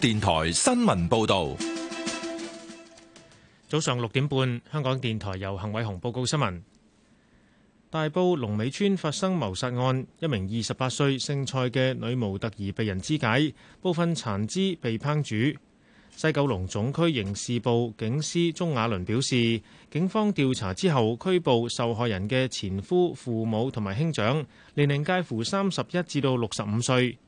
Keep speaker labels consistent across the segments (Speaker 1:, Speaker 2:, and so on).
Speaker 1: 電台新聞報道：早上六點半，香港電台由幸偉雄報告新聞。大埔龍尾村發生謀殺案，一名二十八歲姓蔡嘅女模特兒被人肢解，部分殘肢被烹煮。西九龍總區刑事部警司鍾亞倫表示，警方調查之後拘捕受害人嘅前夫、父母同埋兄長，年齡介乎三十一至到六十五歲。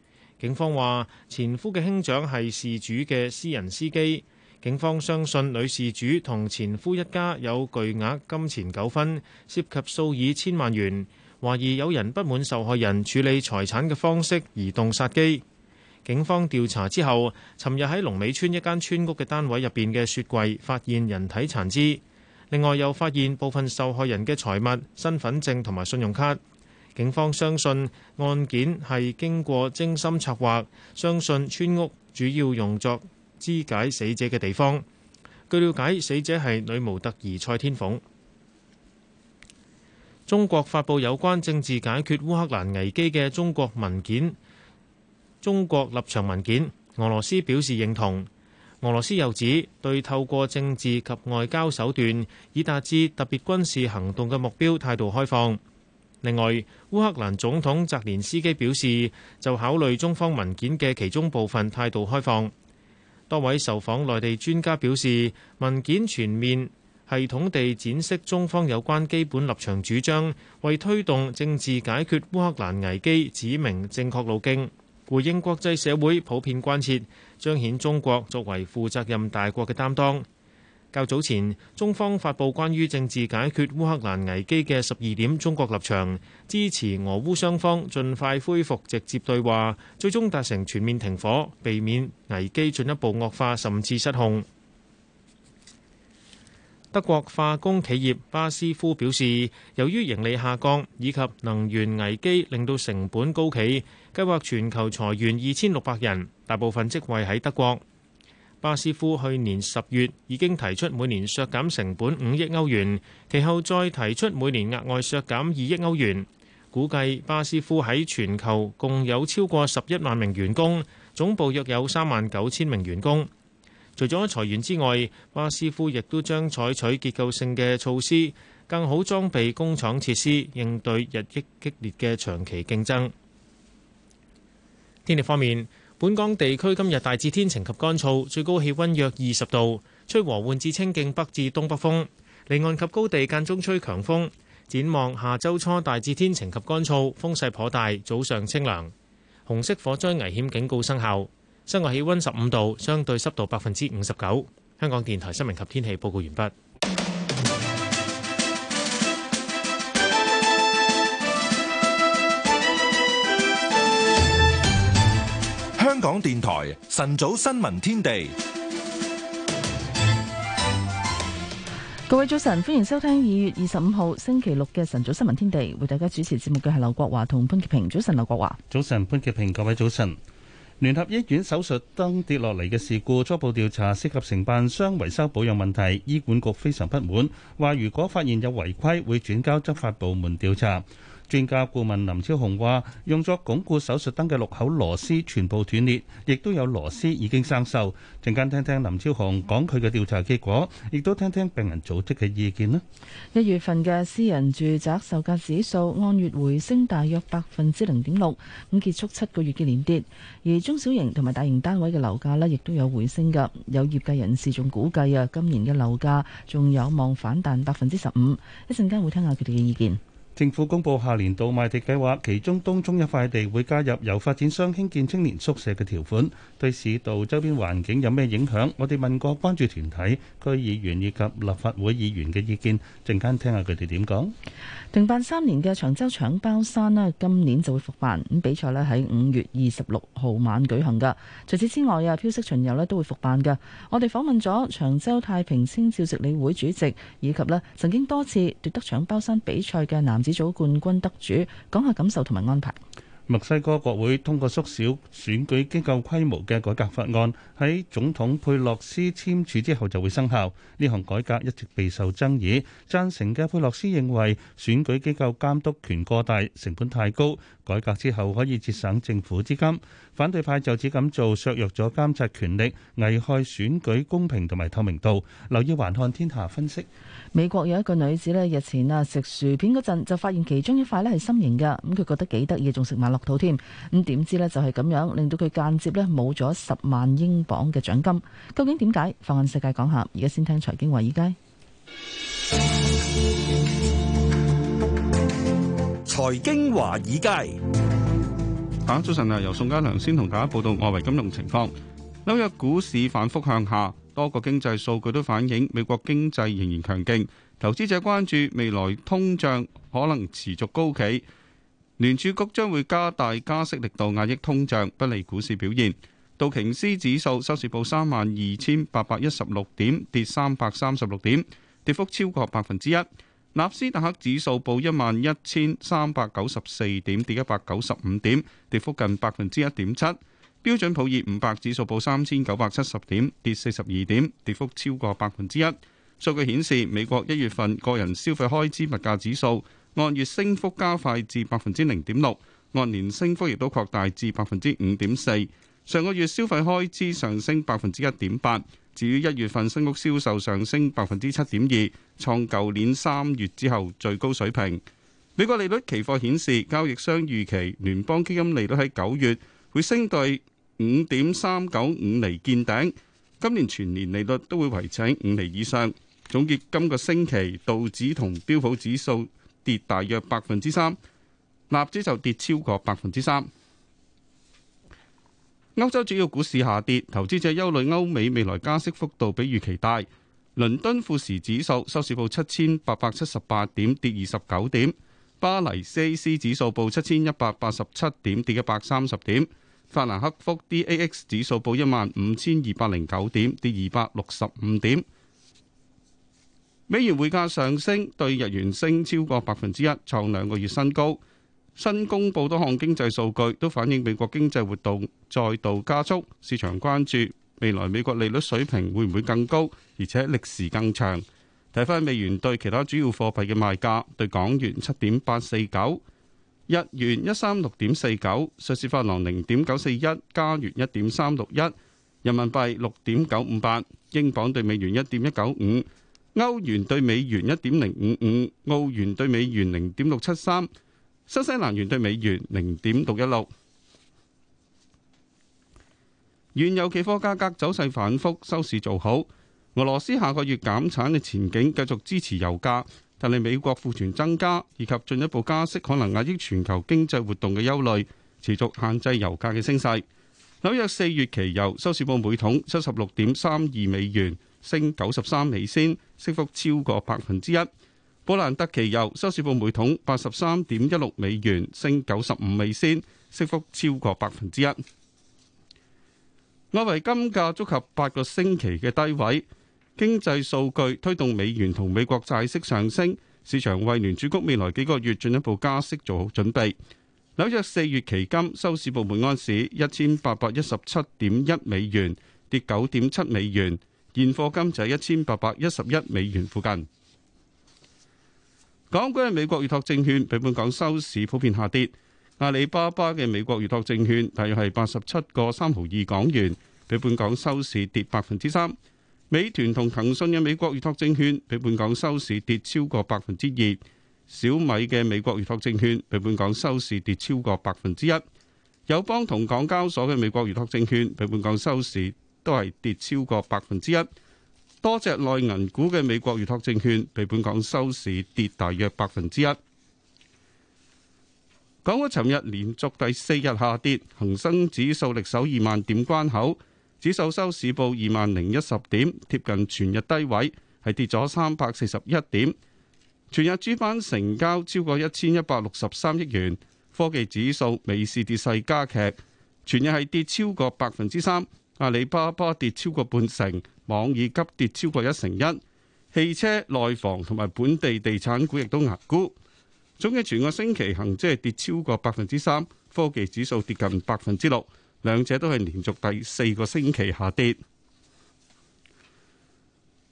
Speaker 1: 警方話：前夫嘅兄長係事主嘅私人司機。警方相信女事主同前夫一家有巨額金錢糾紛，涉及數以千萬元。懷疑有人不滿受害人處理財產嘅方式而動殺機。警方調查之後，尋日喺龍尾村一間村屋嘅單位入邊嘅雪櫃發現人體殘肢。另外又發現部分受害人嘅財物、身份證同埋信用卡。警方相信案件係經過精心策劃，相信村屋主要用作肢解死者嘅地方。據了解，死者係女模特兒蔡天鳳。中國發布有關政治解決烏克蘭危機嘅中國文件，中國立場文件。俄羅斯表示認同。俄羅斯又指對透過政治及外交手段以達至特別軍事行動嘅目標態度開放。另外，烏克蘭總統澤連斯基表示，就考慮中方文件嘅其中部分態度開放。多位受訪內地專家表示，文件全面系統地展示中方有關基本立場主張，為推動政治解決烏克蘭危機指明正確路徑，回應國際社會普遍關切，彰顯中國作為負責任大國嘅擔當。較早前，中方發佈關於政治解決烏克蘭危機嘅十二點中國立場，支持俄烏雙方盡快恢復直接對話，最終達成全面停火，避免危機進一步惡化，甚至失控。德國化工企業巴斯夫表示，由於盈利下降以及能源危機令到成本高企，計劃全球裁員二千六百人，大部分職位喺德國。巴斯夫去年十月已經提出每年削減成本五億歐元，其後再提出每年額外削減二億歐元。估計巴斯夫喺全球共有超過十一萬名員工，總部約有三萬九千名員工。除咗裁員之外，巴斯夫亦都將採取結構性嘅措施，更好裝備工廠設施，應對日益激烈嘅長期競爭。天氣方面。本港地區今日大致天晴及乾燥，最高氣温約二十度，吹和緩至清勁北至東北風。離岸及高地間中吹強風。展望下週初大致天晴及乾燥，風勢頗大，早上清涼。紅色火災危險警告生效。室外氣温十五度，相對濕度百分之五十九。香港電台新聞及天氣報告完畢。
Speaker 2: 香港電台晨早新聞天地，
Speaker 3: 各位早晨，歡迎收聽二月二十五號星期六嘅晨早新聞天地，為大家主持節目嘅係劉國華同潘潔平。早晨，劉國華。
Speaker 4: 早晨，潘潔平。各位早晨。聯合醫院手術燈跌落嚟嘅事故初步調查涉及承辦商維修保養問題，醫管局非常不滿，話如果發現有違規，會轉交執法部門調查。專家顧問林超雄話：用作鞏固手術燈嘅六口螺絲全部斷裂，亦都有螺絲已經生鏽。陣間聽聽林超雄講佢嘅調查結果，亦都聽聽病人組織嘅意見
Speaker 3: 啦。一月份嘅私人住宅售價指數按月回升大約百分之零點六，咁結束七個月嘅連跌。而中小型同埋大型單位嘅樓價呢，亦都有回升㗎。有業界人士仲估計啊，今年嘅樓價仲有望反彈百分之十五。一陣間會聽下佢哋嘅意見。
Speaker 4: 政府公布下年度賣地計劃，其中東涌一塊地會加入由發展商興建青年宿舍嘅條款，對市道周邊環境有咩影響？我哋問過關注團體、區議員以及立法會議員嘅意見，陣間聽下佢哋點講。
Speaker 3: 停辦三年嘅長洲搶包山啦，今年就會復辦，咁比賽咧喺五月二十六號晚舉行噶。除此之外啊，飄色巡遊咧都會復辦噶。我哋訪問咗長洲太平清醮值理會主席以及咧曾經多次奪得搶包山比賽嘅男子。組冠軍得主講下感受同埋安排。
Speaker 4: 墨西哥國會通過縮小選舉機構規模嘅改革法案，喺總統佩洛斯簽署之後就會生效。呢項改革一直備受爭議，贊成嘅佩洛斯認為選舉機構監督權過大，成本太高。改革之後可以節省政府資金，反對派就只咁做削弱咗監察權力，危害選舉公平同埋透明度。留意環看天下分析：
Speaker 3: 美國有一個女子咧，日前啊食薯片嗰陣就發現其中一塊咧係心形嘅，咁佢覺得幾得意，仲食埋落肚添。咁點知咧就係咁樣令到佢間接咧冇咗十萬英鎊嘅獎金。究竟點解？放眼世界講下，而家先聽財經話事街。
Speaker 5: 財經華爾街，大家早晨啊！由宋家良先同大家報道外圍金融情況。紐約股市反覆向下，多個經濟數據都反映美國經濟仍然強勁。投資者關注未來通脹可能持續高企，聯儲局將會加大加息力度，壓抑通脹，不利股市表現。道瓊斯指數收市報三萬二千八百一十六點，跌三百三十六點，跌幅超過百分之一。納斯達克指數報一萬一千三百九十四點，跌一百九十五點，跌幅近百分之一點七。標準普爾五百指數報三千九百七十點，跌四十二點，跌幅超過百分之一。數據顯示，美國一月份個人消費開支物價指數按月升幅加快至百分之零點六，按年升幅亦都擴大至百分之五點四。上個月消費開支上升百分之一點八。至於一月份新屋銷售上升百分之七點二，創舊年三月之後最高水平。美國利率期貨顯示，交易商預期聯邦基金利率喺九月會升到五點三九五釐見頂，今年全年利率都會維持喺五釐以上。總結今個星期道指同標普指數跌大約百分之三，納指就跌超過百分之三。歐洲主要股市下跌，投資者憂慮歐美未來加息幅度比預期大。倫敦富時指數收市報七千八百七十八點，跌二十九點；巴黎 CAC 指數報七千一百八十七點，跌一百三十點；法蘭克福 DAX 指數報一萬五千二百零九點，跌二百六十五點。美元匯價上升，對日元升超過百分之一，創兩個月新高。新公布多項經濟數據都反映美國經濟活動再度加速，市場關注未來美國利率水平會唔會更高，而且歷時更長。睇返美元對其他主要貨幣嘅賣價，對港元七點八四九，日元一三六點四九，瑞士法郎零點九四一，加元一點三六一，人民幣六點九五八，英鎊對美元一點一九五，歐元對美元一點零五五，澳元對美元零點六七三。新西蘭元兌美元零點六一六，原油期貨價格走勢反覆，收市做好。俄羅斯下個月減產嘅前景繼續支持油價，但係美國庫存增加以及進一步加息可能壓抑全球經濟活動嘅憂慮，持續限制油價嘅升勢。紐約四月期油收市報每桶七十六點三二美元，升九十三美仙，升幅超過百分之一。波蘭德其油收市報每桶八十三點一六美元，升九十五美仙，升幅超過百分之一。歐元金價觸及八個星期嘅低位，經濟數據推動美元同美國債息上升，市場為聯儲局未來幾個月進一步加息做好準備。紐約四月期金收市報每安士一千八百一十七點一美元，跌九點七美元，現貨金就係一千八百一十一美元附近。港股嘅美國預託證券比本港收市普遍下跌，阿里巴巴嘅美國預託證券大約係八十七個三毫二港元，比本港收市跌百分之三。美團同騰訊嘅美國預託證券比本港收市跌超過百分之二，小米嘅美國預託證券比本港收市跌超過百分之一，友邦同港交所嘅美國預託證券比本港收市都係跌超過百分之一。多隻內銀股嘅美國預託證券，比本港收市跌大約百分之一。港股尋日連續第四日下跌，恒生指數力守二萬點關口，指數收市報二萬零一十點，貼近全日低位，係跌咗三百四十一點。全日主板成交超過一千一百六十三億元，科技指數尾市跌勢加劇，全日係跌超過百分之三。阿里巴巴跌超過半成，網易急跌超過一成一，汽車、內房同埋本地地產股亦都壓估。總計全個星期恒指係跌超過百分之三，科技指數跌近百分之六，兩者都係連續第四個星期下跌。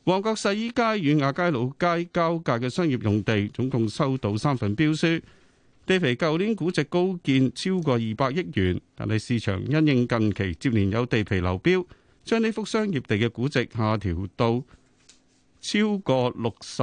Speaker 5: 旺角洗衣街與亞皆老街交界嘅商業用地，總共收到三份標書。地皮舊年估值高見超過二百億元，但係市場因應近期接連有地皮流標，將呢幅商業地嘅估值下調到超過六十，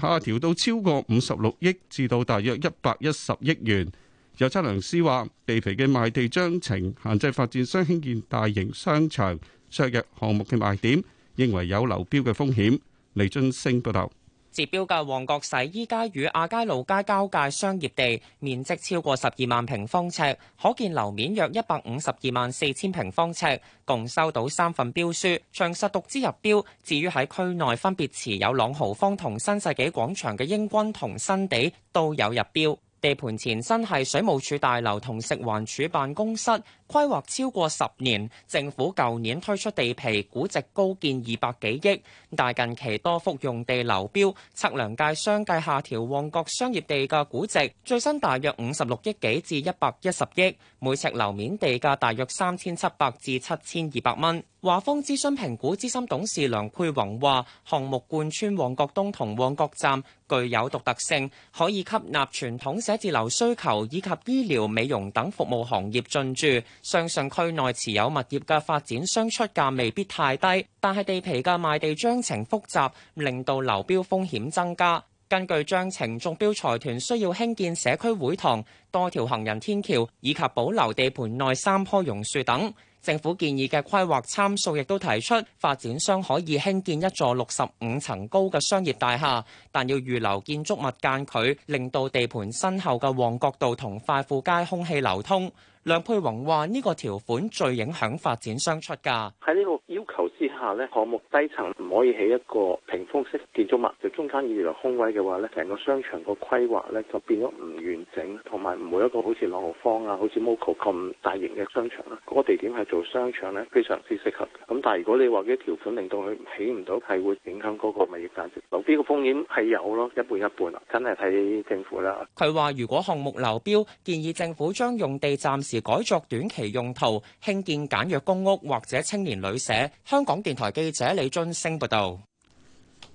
Speaker 5: 下調到超過五十六億，至到大約一百一十億元。有測量師話，地皮嘅賣地章程限制發展商興建大型商場，削弱項目嘅賣點，認為有流標嘅風險。李俊升報道。
Speaker 6: 截標嘅旺角洗衣街與亞皆老街交界商業地，面積超過十二萬平方尺，可建樓面約一百五十二萬四千平方尺，共收到三份標書，長實獨資入標。至於喺區內分別持有朗豪坊同新世紀廣場嘅鷹君同新地都有入標，地盤前身係水務署大樓同食環署辦公室。規劃超過十年，政府舊年推出地皮，估值高見二百幾億，但近期多幅用地流標，測量界商界下調旺角商業地價估值，最新大約五十六億幾至一百一十億，每尺樓面地價大約三千七百至七千二百蚊。華峰諮詢評估資深董事梁佩宏話，項目貫穿旺角東同旺角站，具有獨特性，可以吸納傳統寫字樓需求以及醫療、美容等服務行業進駐。相信區內持有物業嘅發展商出價未必太低，但係地皮嘅賣地章程複雜，令到流標風險增加。根據章程，中標財團需要興建社區會堂、多條行人天橋以及保留地盤內三棵榕樹等。政府建議嘅規劃參數亦都提出，發展商可以興建一座六十五層高嘅商業大廈，但要預留建築物間距，令到地盤身後嘅旺角道同快富街空氣流通。梁佩宏話呢個條款最影響發展商出價。
Speaker 2: 喺呢個要求之下呢，項目低層唔可以起一個屏風式建築物，就中間要有空位嘅話呢，成個商場個規劃呢就變咗唔完整，同埋唔會一個好似朗豪坊啊、好似 Moco 咁大型嘅商場啦。嗰個地點係做商場呢，非常之適合。咁但係如果你話啲條款令到佢起唔到，係會影響嗰個物業價值。樓標呢個風險係有咯，一半一半啊，真係睇政府啦。
Speaker 6: 佢話如果項目樓標建議政府將用地暫時。而改作短期用途，興建簡約公屋或者青年旅舍。香港電台記者李津升報道。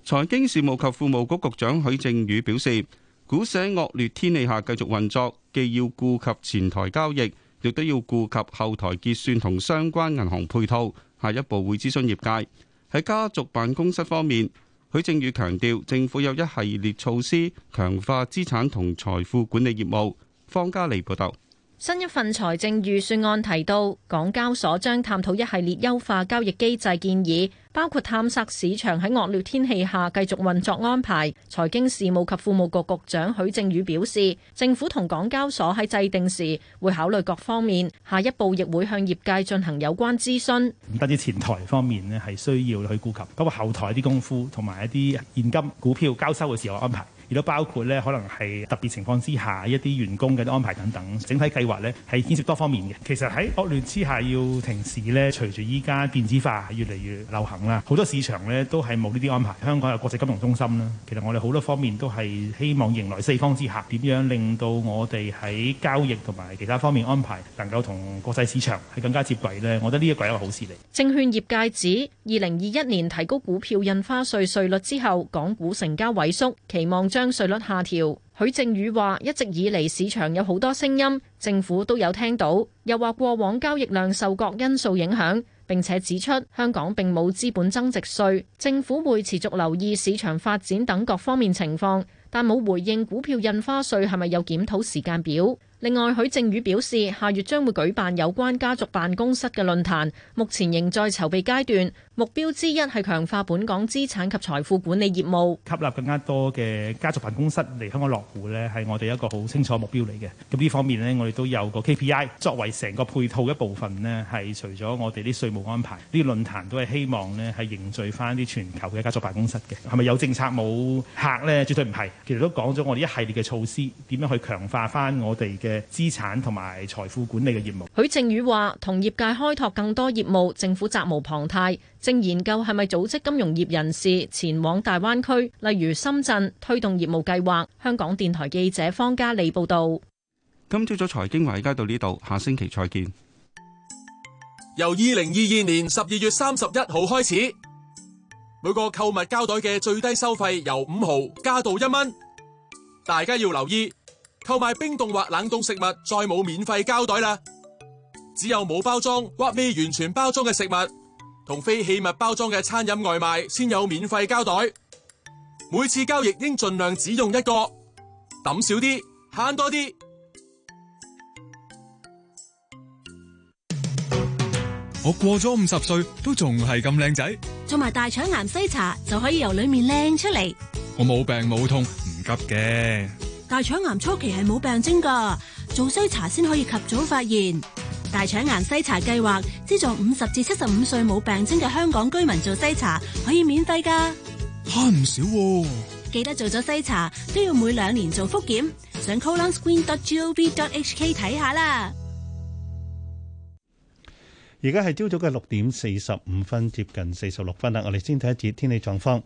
Speaker 5: 財經事務及庫務局局長許正宇表示，股市喺惡劣天氣下繼續運作，既要顧及前台交易，亦都要顧及後台結算同相關銀行配套。下一步會諮詢業界。喺家族辦公室方面，許正宇強調，政府有一系列措施強化資產同財富管理業務。方嘉莉報道。
Speaker 7: 新一份財政預算案提到，港交所將探討一系列優化交易機制建議，包括探索市場喺惡劣天氣下繼續運作安排。財經事務及庫務局局長許正宇表示，政府同港交所喺制定時會考慮各方面，下一步亦會向業界進行有關諮詢。
Speaker 8: 唔單止前台方面咧，係需要去顧及，包括後台啲功夫同埋一啲現金股票交收嘅時候安排。亦都包括咧，可能係特別情況之下一啲員工嘅安排等等，整體計劃呢，係牽涉多方面嘅。其實喺惡劣之下要停市呢，隨住依家電子化越嚟越流行啦，好多市場呢都係冇呢啲安排。香港有國際金融中心啦，其實我哋好多方面都係希望迎來四方之客，點樣令到我哋喺交易同埋其他方面安排能夠同國際市場係更加接軌呢，我覺得呢一個係一個好事嚟。
Speaker 7: 證券業界指，二零二一年提高股票印花稅稅率之後，港股成交萎縮，期望將將稅率下調，許正宇話一直以嚟市場有好多聲音，政府都有聽到，又話過往交易量受各因素影響，並且指出香港並冇資本增值稅，政府會持續留意市場發展等各方面情況，但冇回應股票印花稅係咪有檢討時間表。另外，許正宇表示，下月將會舉辦有關家族辦公室嘅論壇，目前仍在籌備階段。目標之一係強化本港資產及財富管理業務，吸納更加多嘅家族辦公室嚟香港落戶呢，係我
Speaker 8: 哋一個好清楚目標嚟嘅。咁呢方面呢，我哋都有個 KPI 作為成個配套一部分呢，係除咗我哋啲稅務安排，呢啲論壇都係希望呢係凝聚翻啲全球嘅家族辦公室嘅。係咪有政策冇客呢？絕對唔係。其實都講咗我哋一系列嘅措施，點樣去強化翻我哋嘅。嘅資產同埋財富管理嘅業務，
Speaker 7: 許正宇話同業界開拓更多業務，政府責無旁貸，正研究係咪組織金融業人士前往大灣區，例如深圳，推動業務計劃。香港電台記者方嘉莉報道。
Speaker 5: 今朝早財經圍街到呢度，下星期再見。
Speaker 2: 由二零二二年十二月三十一號開始，每個購物膠袋嘅最低收費由五毫加到一蚊，大家要留意。購買冰凍或冷凍食物，再冇免費膠袋啦，只有冇包裝或未完全包裝嘅食物，同非器物包裝嘅餐飲外賣，先有免費膠袋。每次交易應盡量只用一個，抌少啲，
Speaker 7: 慳多啲。
Speaker 9: 我過咗五十歲都仲係咁靚仔，
Speaker 7: 做埋大腸癌篩查就可以由裏面靚出嚟。
Speaker 9: 我冇病冇痛，唔急嘅。
Speaker 7: 大腸癌初期係冇病徵噶，做篩查先可以及早發現。大腸癌篩查計劃資助五十至七十五歲冇病徵嘅香港居民做篩查，可以免費噶，慳唔少啊。記得做咗篩查都要每兩年做復檢，上 colonscreen.gov.hk 睇下啦。
Speaker 4: 而家係朝早嘅六點四十五分，接近四十六分啦。我哋先睇一節天氣狀況。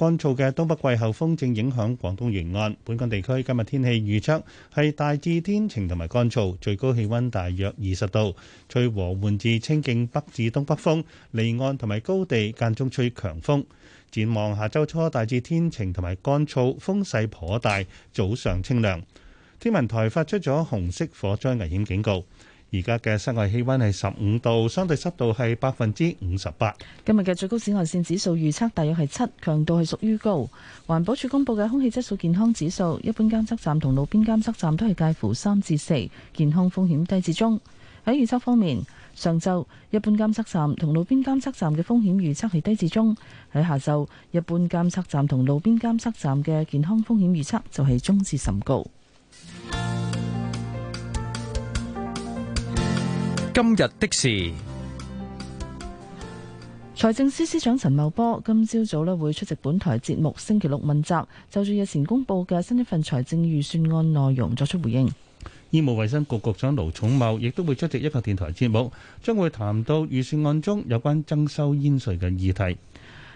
Speaker 4: 乾燥嘅東北季候風正影響廣東沿岸，本港地區今日天氣預測係大致天晴同埋乾燥，最高氣温大約二十度，吹和緩至清勁北至東北風，離岸同埋高地間中吹強風。展望下周初，大致天晴同埋乾燥，風勢頗大，早上清涼。天文台發出咗紅色火災危險警告。而家嘅室外氣溫係十五度，相對濕度係百分之五十八。
Speaker 3: 今日嘅最高紫外線指數預測大約係七，強度係屬於高。環保署公布嘅空氣質素健康指數，一般監測站同路邊監測站都係介乎三至四，健康風險低至中。喺預測方面，上晝一般監測站同路邊監測站嘅風險預測係低至中；喺下晝一般監測站同路邊監測站嘅健康風險預測就係中至甚高。
Speaker 10: 今日的事，
Speaker 3: 財政司司長陳茂波今朝早咧會出席本台節目《星期六問責》，就住日前公布嘅新一份財政預算案
Speaker 4: 內容作出回應。醫務衛生局局長盧寵茂亦都會出席一個電台節目，將會談到預算案中有關增收煙稅嘅議題。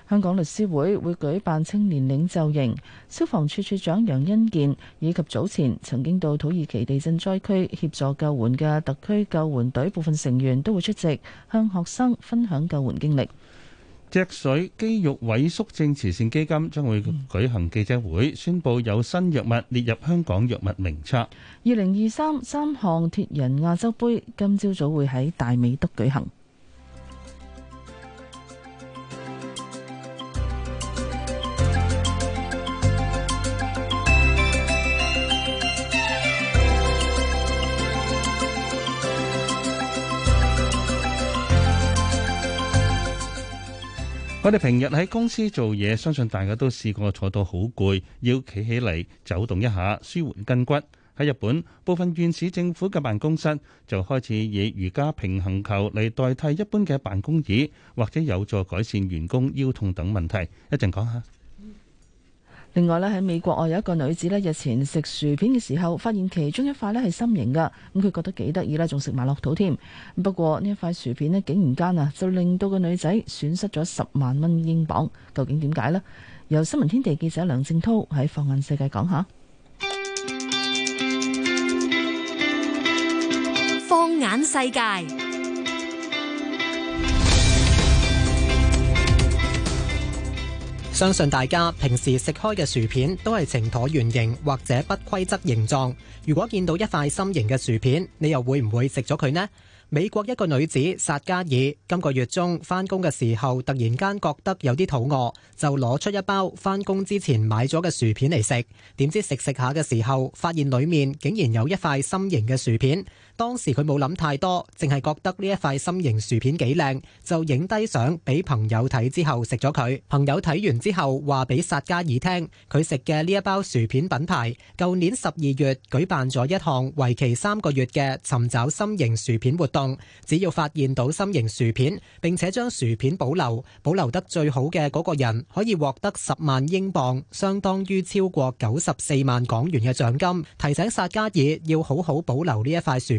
Speaker 4: 香港律師會
Speaker 3: 會舉辦青年領袖營，消防處處長楊恩健以及早前曾經到土耳其地震災區協助救援嘅特區救援隊部分成員都會出席，向學生分享救援經歷。
Speaker 4: 脊髓肌肉萎縮症慈善基金將會舉行記者會，宣布有新藥物列入香港藥物名冊。
Speaker 3: 二零二三三項鐵人亞洲杯今朝早會喺大美督舉行。
Speaker 4: 我哋平日喺公司做嘢，相信大家都試過坐到好攰，要企起嚟走動一下舒緩筋骨。喺日本，部分縣市政府嘅辦公室就開始以瑜伽平衡球嚟代替一般嘅辦公椅，或者有助改善員工腰痛等問題。一陣講下。
Speaker 3: 另外咧，喺美國外有一個女子咧，日前食薯片嘅時候，發現其中一塊咧係心形噶，咁佢覺得幾得意啦，仲食埋落肚添。不過呢一塊薯片咧，竟然間啊就令到個女仔損失咗十萬蚊英鎊，究竟點解呢？由新聞天地記者梁正濤喺放眼世界講下。
Speaker 7: 放眼世界。
Speaker 11: 相信大家平時食開嘅薯片都係呈橢圓形或者不規則形狀。如果見到一塊心形嘅薯片，你又會唔會食咗佢呢？美國一個女子薩加爾今個月中返工嘅時候，突然間覺得有啲肚餓，就攞出一包返工之前買咗嘅薯片嚟食。點知食食下嘅時候，發現裡面竟然有一塊心形嘅薯片。當時佢冇諗太多，淨係覺得呢一塊心形薯片幾靚，就影低相俾朋友睇之後食咗佢。朋友睇完之後話俾薩加爾聽，佢食嘅呢一包薯片品牌，舊年十二月舉辦咗一項為期三個月嘅尋找心形薯片活動，只要發現到心形薯片並且將薯片保留，保留得最好嘅嗰個人可以獲得十萬英鎊，相當於超過九十四萬港元嘅獎金。提醒薩加爾要好好保留呢一塊薯。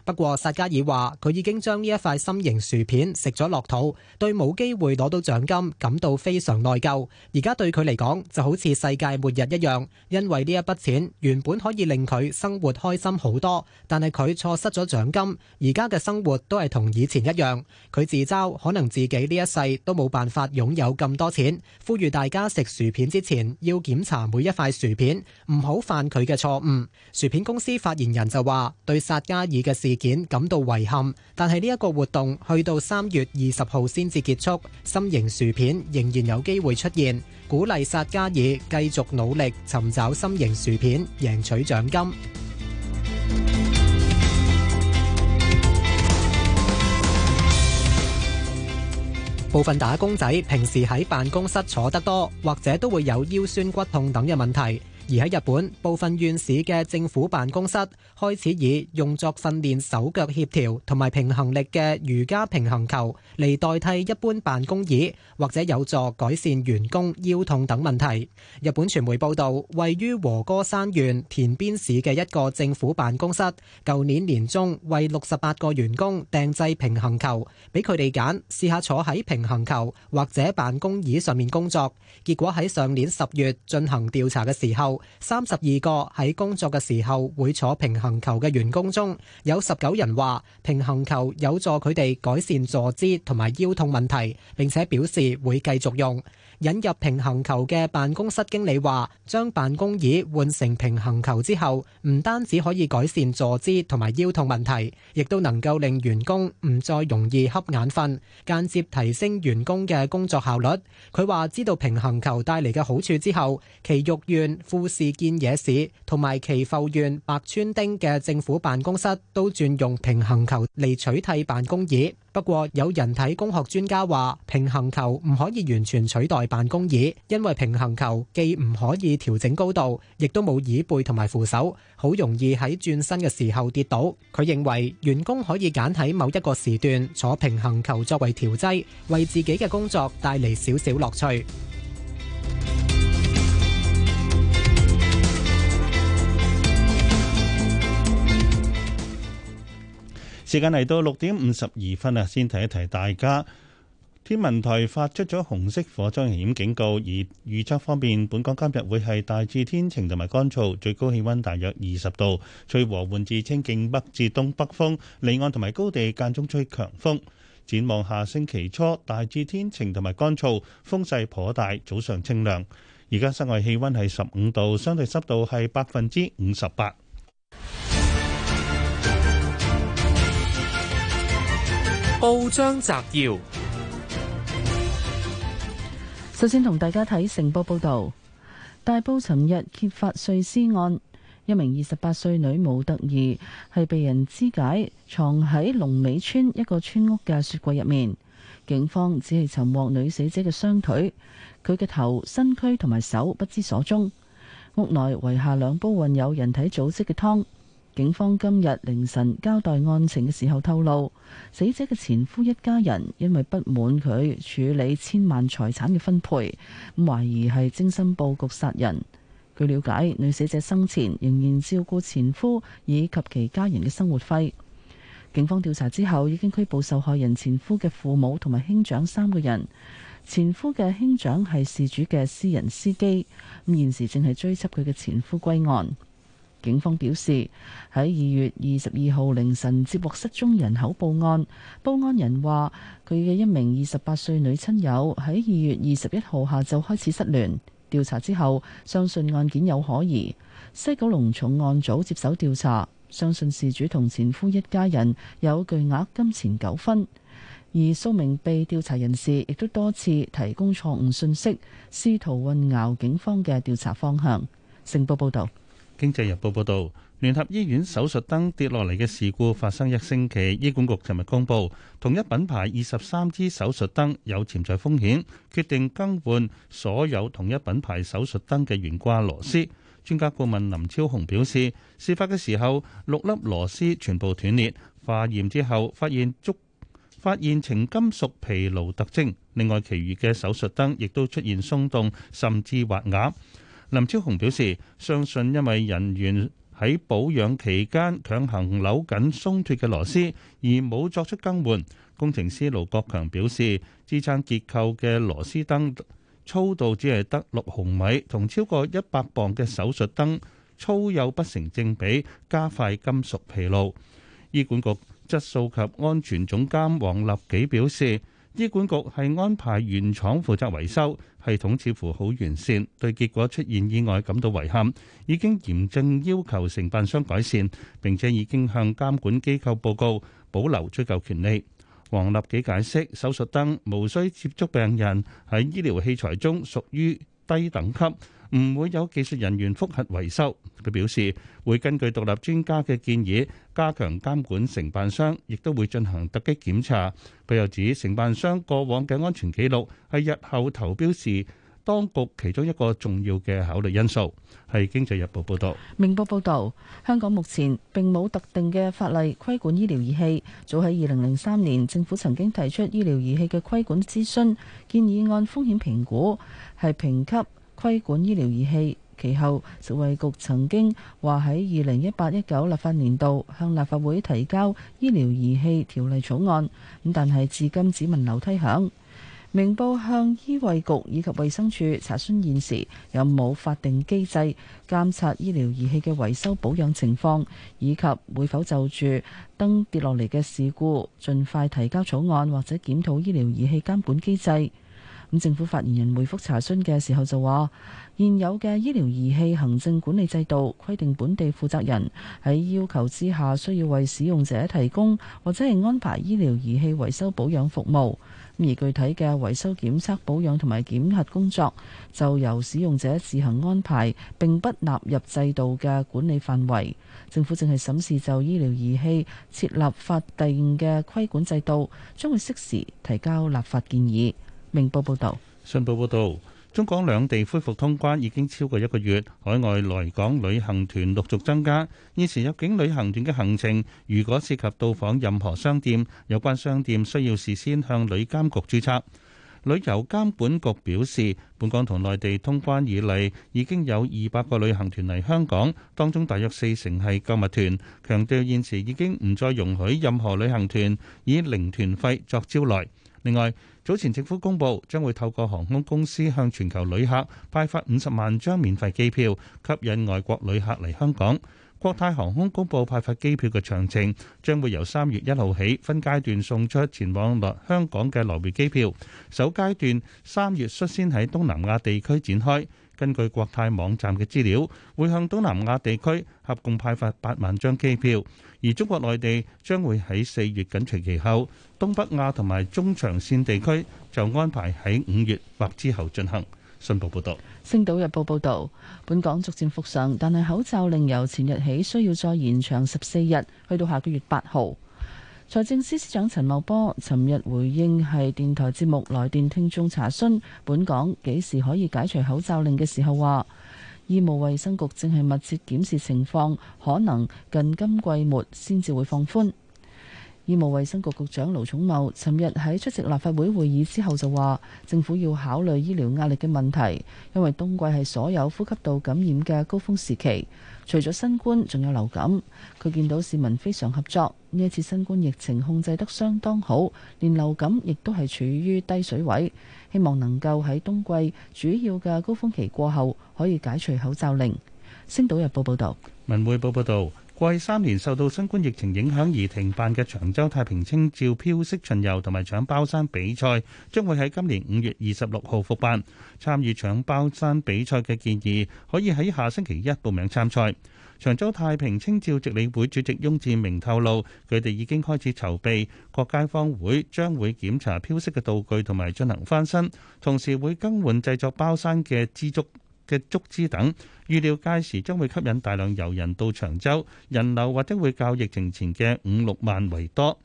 Speaker 11: 不過薩加爾話：佢已經將呢一塊心形薯片食咗落肚，對冇機會攞到獎金感到非常內疚。而家對佢嚟講就好似世界末日一樣，因為呢一筆錢原本可以令佢生活開心好多，但係佢錯失咗獎金，而家嘅生活都係同以前一樣。佢自嘲可能自己呢一世都冇辦法擁有咁多錢，呼籲大家食薯片之前要檢查每一塊薯片，唔好犯佢嘅錯誤。薯片公司發言人就話：對薩加爾嘅事感到遺憾，但係呢一個活動去到三月二十號先至結束，心形薯片仍然有機會出現，鼓勵薩加爾繼續努力尋找心形薯片，贏取獎金。 部分打工仔平時喺辦公室坐得多，或者都會有腰酸骨痛等嘅問題。而喺日本，部分縣市嘅政府辦公室開始以用作訓練手腳協調同埋平衡力嘅瑜伽平衡球嚟代替一般辦公椅，或者有助改善員工腰痛等問題。日本傳媒報道，位於和歌山縣田邊市嘅一個政府辦公室，舊年年中為六十八個員工訂製平衡球，畀佢哋揀試下坐喺平衡球或者辦公椅上面工作。結果喺上年十月進行調查嘅時候，三十二個喺工作嘅時候會坐平衡球嘅員工中，有十九人話平衡球有助佢哋改善坐姿同埋腰痛問題，並且表示會繼續用。引入平衡球嘅辦公室經理話，將辦公椅換成平衡球之後，唔單止可以改善坐姿同埋腰痛問題，亦都能夠令員工唔再容易瞌眼瞓，間接提升員工嘅工作效率。佢話知道平衡球帶嚟嘅好處之後，埼玉縣富士見野市同埋岐阜縣白川町嘅政府辦公室都轉用平衡球嚟取替辦公椅。不過，有人體工學專家話，平衡球唔可以完全取代辦公椅，因為平衡球既唔可以調整高度，亦都冇椅背同埋扶手，好容易喺轉身嘅時候跌倒。佢認為員工可以揀喺某一個時段坐平衡球作為調劑，為自己嘅工作帶嚟少少樂趣。
Speaker 4: 時間嚟到六點五十二分啊，先提一提大家。天文台發出咗紅色火災危險警告，而預測方面，本港今日會係大致天晴同埋乾燥，最高氣温大約二十度，吹和緩至清勁北至東北風，離岸同埋高地間中吹強風。展望下星期初，大致天晴同埋乾燥，風勢頗大，早上清涼。而家室外氣温係十五度，相對濕度係百分之五十八。
Speaker 2: 報章摘要：
Speaker 3: 首先同大家睇成報報道，大埔尋日揭發碎屍案，一名二十八歲女模特兒係被人肢解，藏喺龍尾村一個村屋嘅雪櫃入面。警方只係尋獲女死者嘅雙腿，佢嘅頭、身軀同埋手不知所蹤。屋內遺下兩煲混有人體組織嘅湯。警方今日凌晨交代案情嘅時候透露，死者嘅前夫一家人因為不滿佢處理千萬財產嘅分配，懷疑係精心布局殺人。據了解，女死者生前仍然照顧前夫以及其家人嘅生活費。警方調查之後已經拘捕受害人前夫嘅父母同埋兄長三個人。前夫嘅兄長係事主嘅私人司機，現時正係追緝佢嘅前夫歸案。警方表示，喺二月二十二號凌晨接獲失蹤人口報案。報案人話：佢嘅一名二十八歲女親友喺二月二十一號下晝開始失聯。調查之後，相信案件有可疑。西九龍重案組接手調查，相信事主同前夫一家人有巨額金錢糾紛，而數名被調查人士亦都多次提供錯誤信息，試圖混淆警方嘅調查方向。成報報道。
Speaker 4: 經濟日報報導，聯合醫院手術燈跌落嚟嘅事故發生一星期，醫管局尋日公布，同一品牌二十三支手術燈有潛在風險，決定更換所有同一品牌手術燈嘅懸掛螺絲。專家顧問林超雄表示，事發嘅時候，六粒螺絲全部斷裂，化驗之後發現足發現呈金屬疲勞特徵。另外，其餘嘅手術燈亦都出現鬆動，甚至滑牙。林超雄表示，相信因為人員喺保養期間強行扭緊鬆脱嘅螺絲而冇作出更換。工程師盧國強表示，支撐結構嘅螺絲燈粗度只係得六毫米，同超過一百磅嘅手術燈粗幼不成正比，加快金屬疲勞。醫管局質素及安全總監黃立己表示。醫管局係安排原廠負責維修，系統似乎好完善，對結果出現意外感到遺憾，已經嚴正要求承辦商改善，並且已經向監管機構報告，保留追究權利。黃立紀解釋，手術燈無需接觸病人，喺醫療器材中屬於低等級。唔會有技術人員覆核維修，佢表示會根據獨立專家嘅建議加強監管。承辦商亦都會進行突擊檢查。佢又指承辦商過往嘅安全記錄係日後投標時當局其中一個重要嘅考慮因素。係經濟日報報道，《
Speaker 3: 明報》報道，香港目前並冇特定嘅法例規管醫療儀器。早喺二零零三年，政府曾經提出醫療儀器嘅規管諮詢，建議按風險評估係評級。規管醫療儀器，其後食衛局曾經話喺二零一八一九立法年度向立法會提交醫療儀器條例草案，咁但係至今只聞樓梯響。明報向醫衛局以及衛生署查詢現時有冇法定機制監察醫療儀器嘅維修保養情況，以及會否就住燈跌落嚟嘅事故，盡快提交草案或者檢討醫療儀器監管機制。咁，政府發言人回覆查詢嘅時候就話：現有嘅醫療儀器行政管理制度規定，本地負責人喺要求之下需要為使用者提供或者係安排醫療儀器維修保養服務。而具體嘅維修、檢測、保養同埋檢核工作就由使用者自行安排，並不納入制度嘅管理範圍。政府正係審視就醫療儀器設立法定嘅規管制度，將會適時提交立法建議。明報報導，
Speaker 4: 信報報導，中港兩地恢復通關已經超過一個月，海外來港旅行團陸續增加。現時入境旅行團嘅行程，如果涉及到訪任何商店，有關商店需要事先向旅監局註冊。旅遊監管局表示，本港同內地通關以嚟，已經有二百個旅行團嚟香港，當中大約四成係購物團。強調現時已經唔再容許任何旅行團以零團費作招徠。另外，早前政府公布，將會透過航空公司向全球旅客派發五十萬張免費機票，吸引外國旅客嚟香港。國泰航空公布派發機票嘅詳情，將會由三月一號起分階段送出前往嚟香港嘅來回機票。首階段三月率先喺東南亞地區展開。根據國泰網站嘅資料，會向東南亞地區合共派發八萬張機票。而中國內地將會喺四月緊隨其後，東北亞同埋中長線地區就安排喺五月或之後進行。信報報道，
Speaker 3: 《星島日報》報道，本港逐漸復常，但係口罩令由前日起需要再延長十四日，去到下個月八號。財政司司長陳茂波尋日回應，係電台節目來電聽眾查詢，本港幾時可以解除口罩令嘅時候話，醫務衛生局正係密切檢視情況，可能近今季末先至會放寬。醫務衛生局局長盧寵茂尋日喺出席立法會會議之後就話，政府要考慮醫療壓力嘅問題，因為冬季係所有呼吸道感染嘅高峰時期，除咗新冠，仲有流感。佢見到市民非常合作，呢一次新冠疫情控制得相當好，連流感亦都係處於低水位。希望能夠喺冬季主要嘅高峰期過後，可以解除口罩令。星島日報報道，
Speaker 4: 文匯報報道。為三年受到新冠疫情影響而停辦嘅長洲太平清醮飄色巡遊同埋搶包山比賽，將會喺今年五月二十六號復辦。參與搶包山比賽嘅建議，可以喺下星期一報名參賽。長洲太平清醮值理會主席翁志明透露，佢哋已經開始籌備，各街坊會將會檢查飄色嘅道具同埋進行翻新，同時會更換製作包山嘅支柱。嘅竹枝等，預料屆時將會吸引大量遊人到長洲，人流或者會較疫情前嘅五六萬為多。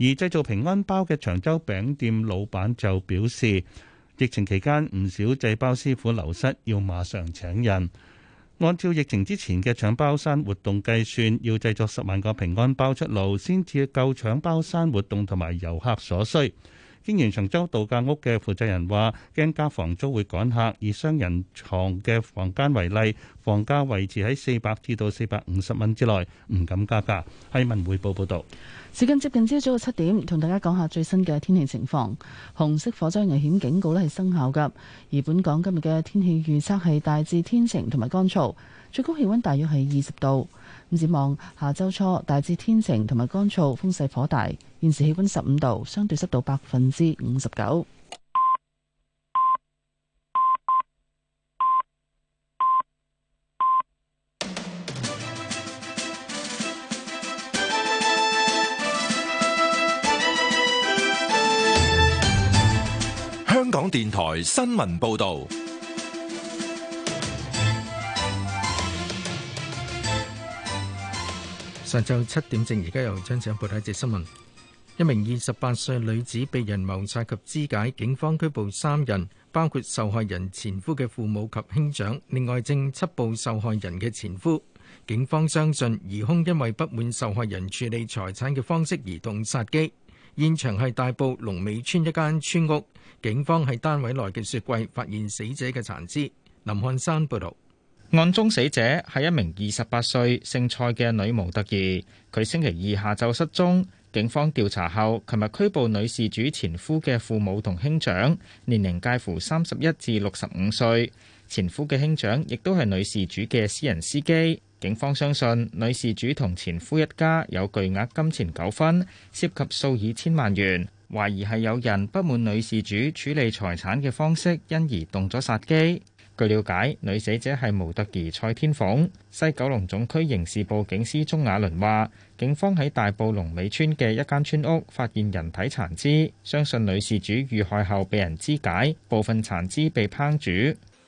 Speaker 4: 而製造平安包嘅長洲餅店老闆就表示，疫情期間唔少製包師傅流失，要馬上請人。按照疫情之前嘅搶包山活動計算，要製作十萬個平安包出爐，先至夠搶包山活動同埋遊客所需。天然長洲度假屋嘅負責人話，驚加房租會趕客，以雙人床嘅房間為例，房價維持喺四百至到四百五十蚊之內，唔敢加價。係文匯報報道。
Speaker 3: 時間接近朝早嘅七點，同大家講下最新嘅天氣情況。紅色火災危險警告咧係生效噶。而本港今日嘅天氣預測係大致天晴同埋乾燥，最高氣溫大約係二十度。展望下周初大致天晴同埋乾燥，風勢頗大。現時氣溫十五度，相對濕度百分之五十九。
Speaker 2: 香港電台新聞報道。
Speaker 10: 上晝七點正，而家由張子偉報第一節新聞。一名二十八歲女子被人謀殺及肢解，警方拘捕三人，包括受害人前夫嘅父母及兄長。另外正緝捕受害人嘅前夫。警方相信疑凶因為不滿受害人處理財產嘅方式而動殺機。現場係大埔龍尾村一間村屋，警方喺單位內嘅雪櫃發現死者嘅殘肢。林漢山報導。案中死者係一名二十八歲姓
Speaker 12: 蔡嘅女模特兒。佢星期二下晝失蹤。警方調查後，琴日拘捕女事主前夫嘅父母同兄長，年齡介乎三十一至六十五歲。前夫嘅兄長亦都係女事主嘅私人司機。警方相信女事主同前夫一家有巨額金錢糾紛，涉及數以千萬元，懷疑係有人不滿女事主處理財產嘅方式，因而動咗殺機。據了解，女死者係模特兒蔡天鳳。西九龍總區刑事部警司鍾雅倫話：警方喺大埔龍尾村嘅一間村屋發現人體殘肢，相信女事主遇害後被人肢解，部分殘肢被烹煮。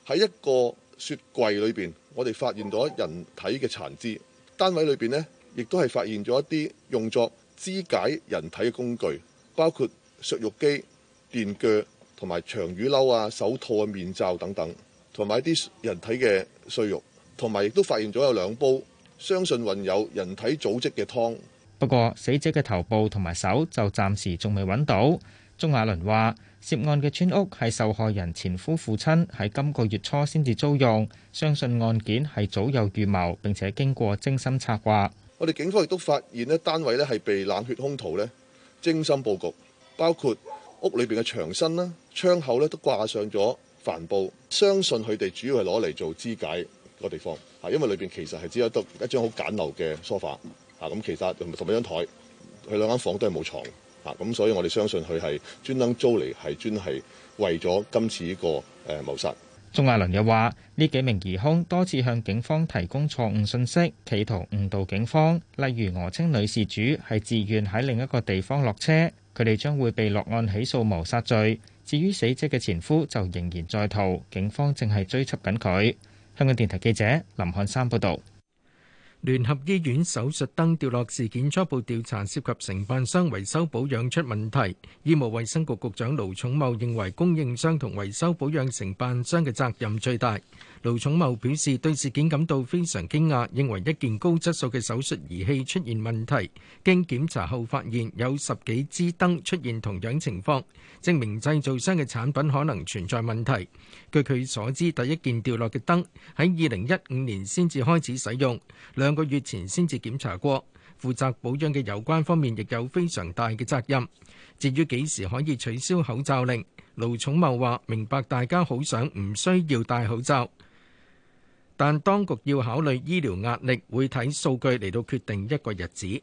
Speaker 13: 喺一個雪櫃裏邊，我哋發現咗人體嘅殘肢。單位裏邊呢，亦都係發現咗一啲用作肢解人體嘅工具，包括削肉機、電鋸同埋長雨褸啊、手套啊、面罩等等。同埋啲人體嘅碎肉，同埋亦都發現咗有兩煲，相信混有人體組織嘅湯。
Speaker 12: 不過死者嘅頭部同埋手就暫時仲未揾到。鍾雅倫話，涉案嘅村屋係受害人前夫父親喺今個月初先至租用，相信案件係早有預謀，並且經過精心策劃。
Speaker 13: 我哋警方亦都發現呢，單位呢係被冷血兇徒呢精心佈局，包括屋裏邊嘅牆身啦、窗口呢都掛上咗帆布，相信佢哋主要係攞嚟做肢解個地方嚇，因為裏邊其實係只有一張好簡陋嘅梳化嚇，咁其實同埋同埋張台，佢兩間房都係冇床，嚇，咁所以我哋相信佢係專登租嚟係專係為咗今次呢個誒謀殺。
Speaker 12: 鍾亞倫又話，呢幾名疑凶多次向警方提供錯誤信息，企圖誤導警方，例如訛稱女事主係自願喺另一個地方落車，佢哋將會被落案起訴謀殺罪。至於死者嘅前夫就仍然在逃，警方正係追緝緊佢。香港電台記者林漢山報導。
Speaker 10: 聯合醫院手術燈掉落事件初步調查涉及承辦商維修保養出問題，醫務衛生局局長盧寵茂認為供應商同維修保養承辦商嘅責任最大。盧重茂表示對事件感到非常驚訝，認為一件高質素嘅手術儀器出現問題，經檢查後發現有十幾支燈出現同樣情況，證明製造商嘅產品可能存在問題，據佢所知，第一件掉落嘅燈喺二零一五年先至開始使用，兩個月前先至檢查過，負責保養嘅有關方面亦有非常大嘅責任。至於幾時可以取消口罩令，盧重茂話明白大家好想唔需要戴口罩。但當局要考慮醫療壓力，會睇數據嚟到決定一個日子。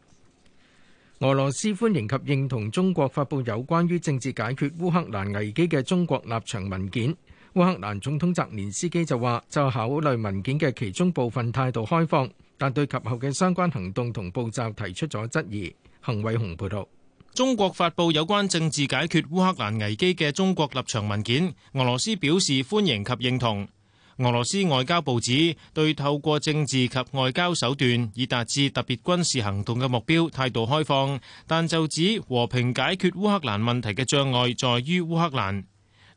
Speaker 10: 俄羅斯歡迎及認同中國發布有關於政治解決烏克蘭危機嘅中國立場文件。烏克蘭總統澤連斯基就話，就考慮文件嘅其中部分態度開放，但對及後嘅相關行動同步驟提出咗質疑。彭偉雄報導，中國發布有
Speaker 1: 關政治解決烏克蘭危機嘅中國立場文件，俄羅斯表示歡迎及認同。俄羅斯外交部指，對透過政治及外交手段以達至特別軍事行動嘅目標態度開放，但就指和平解決烏克蘭問題嘅障礙在於烏克蘭。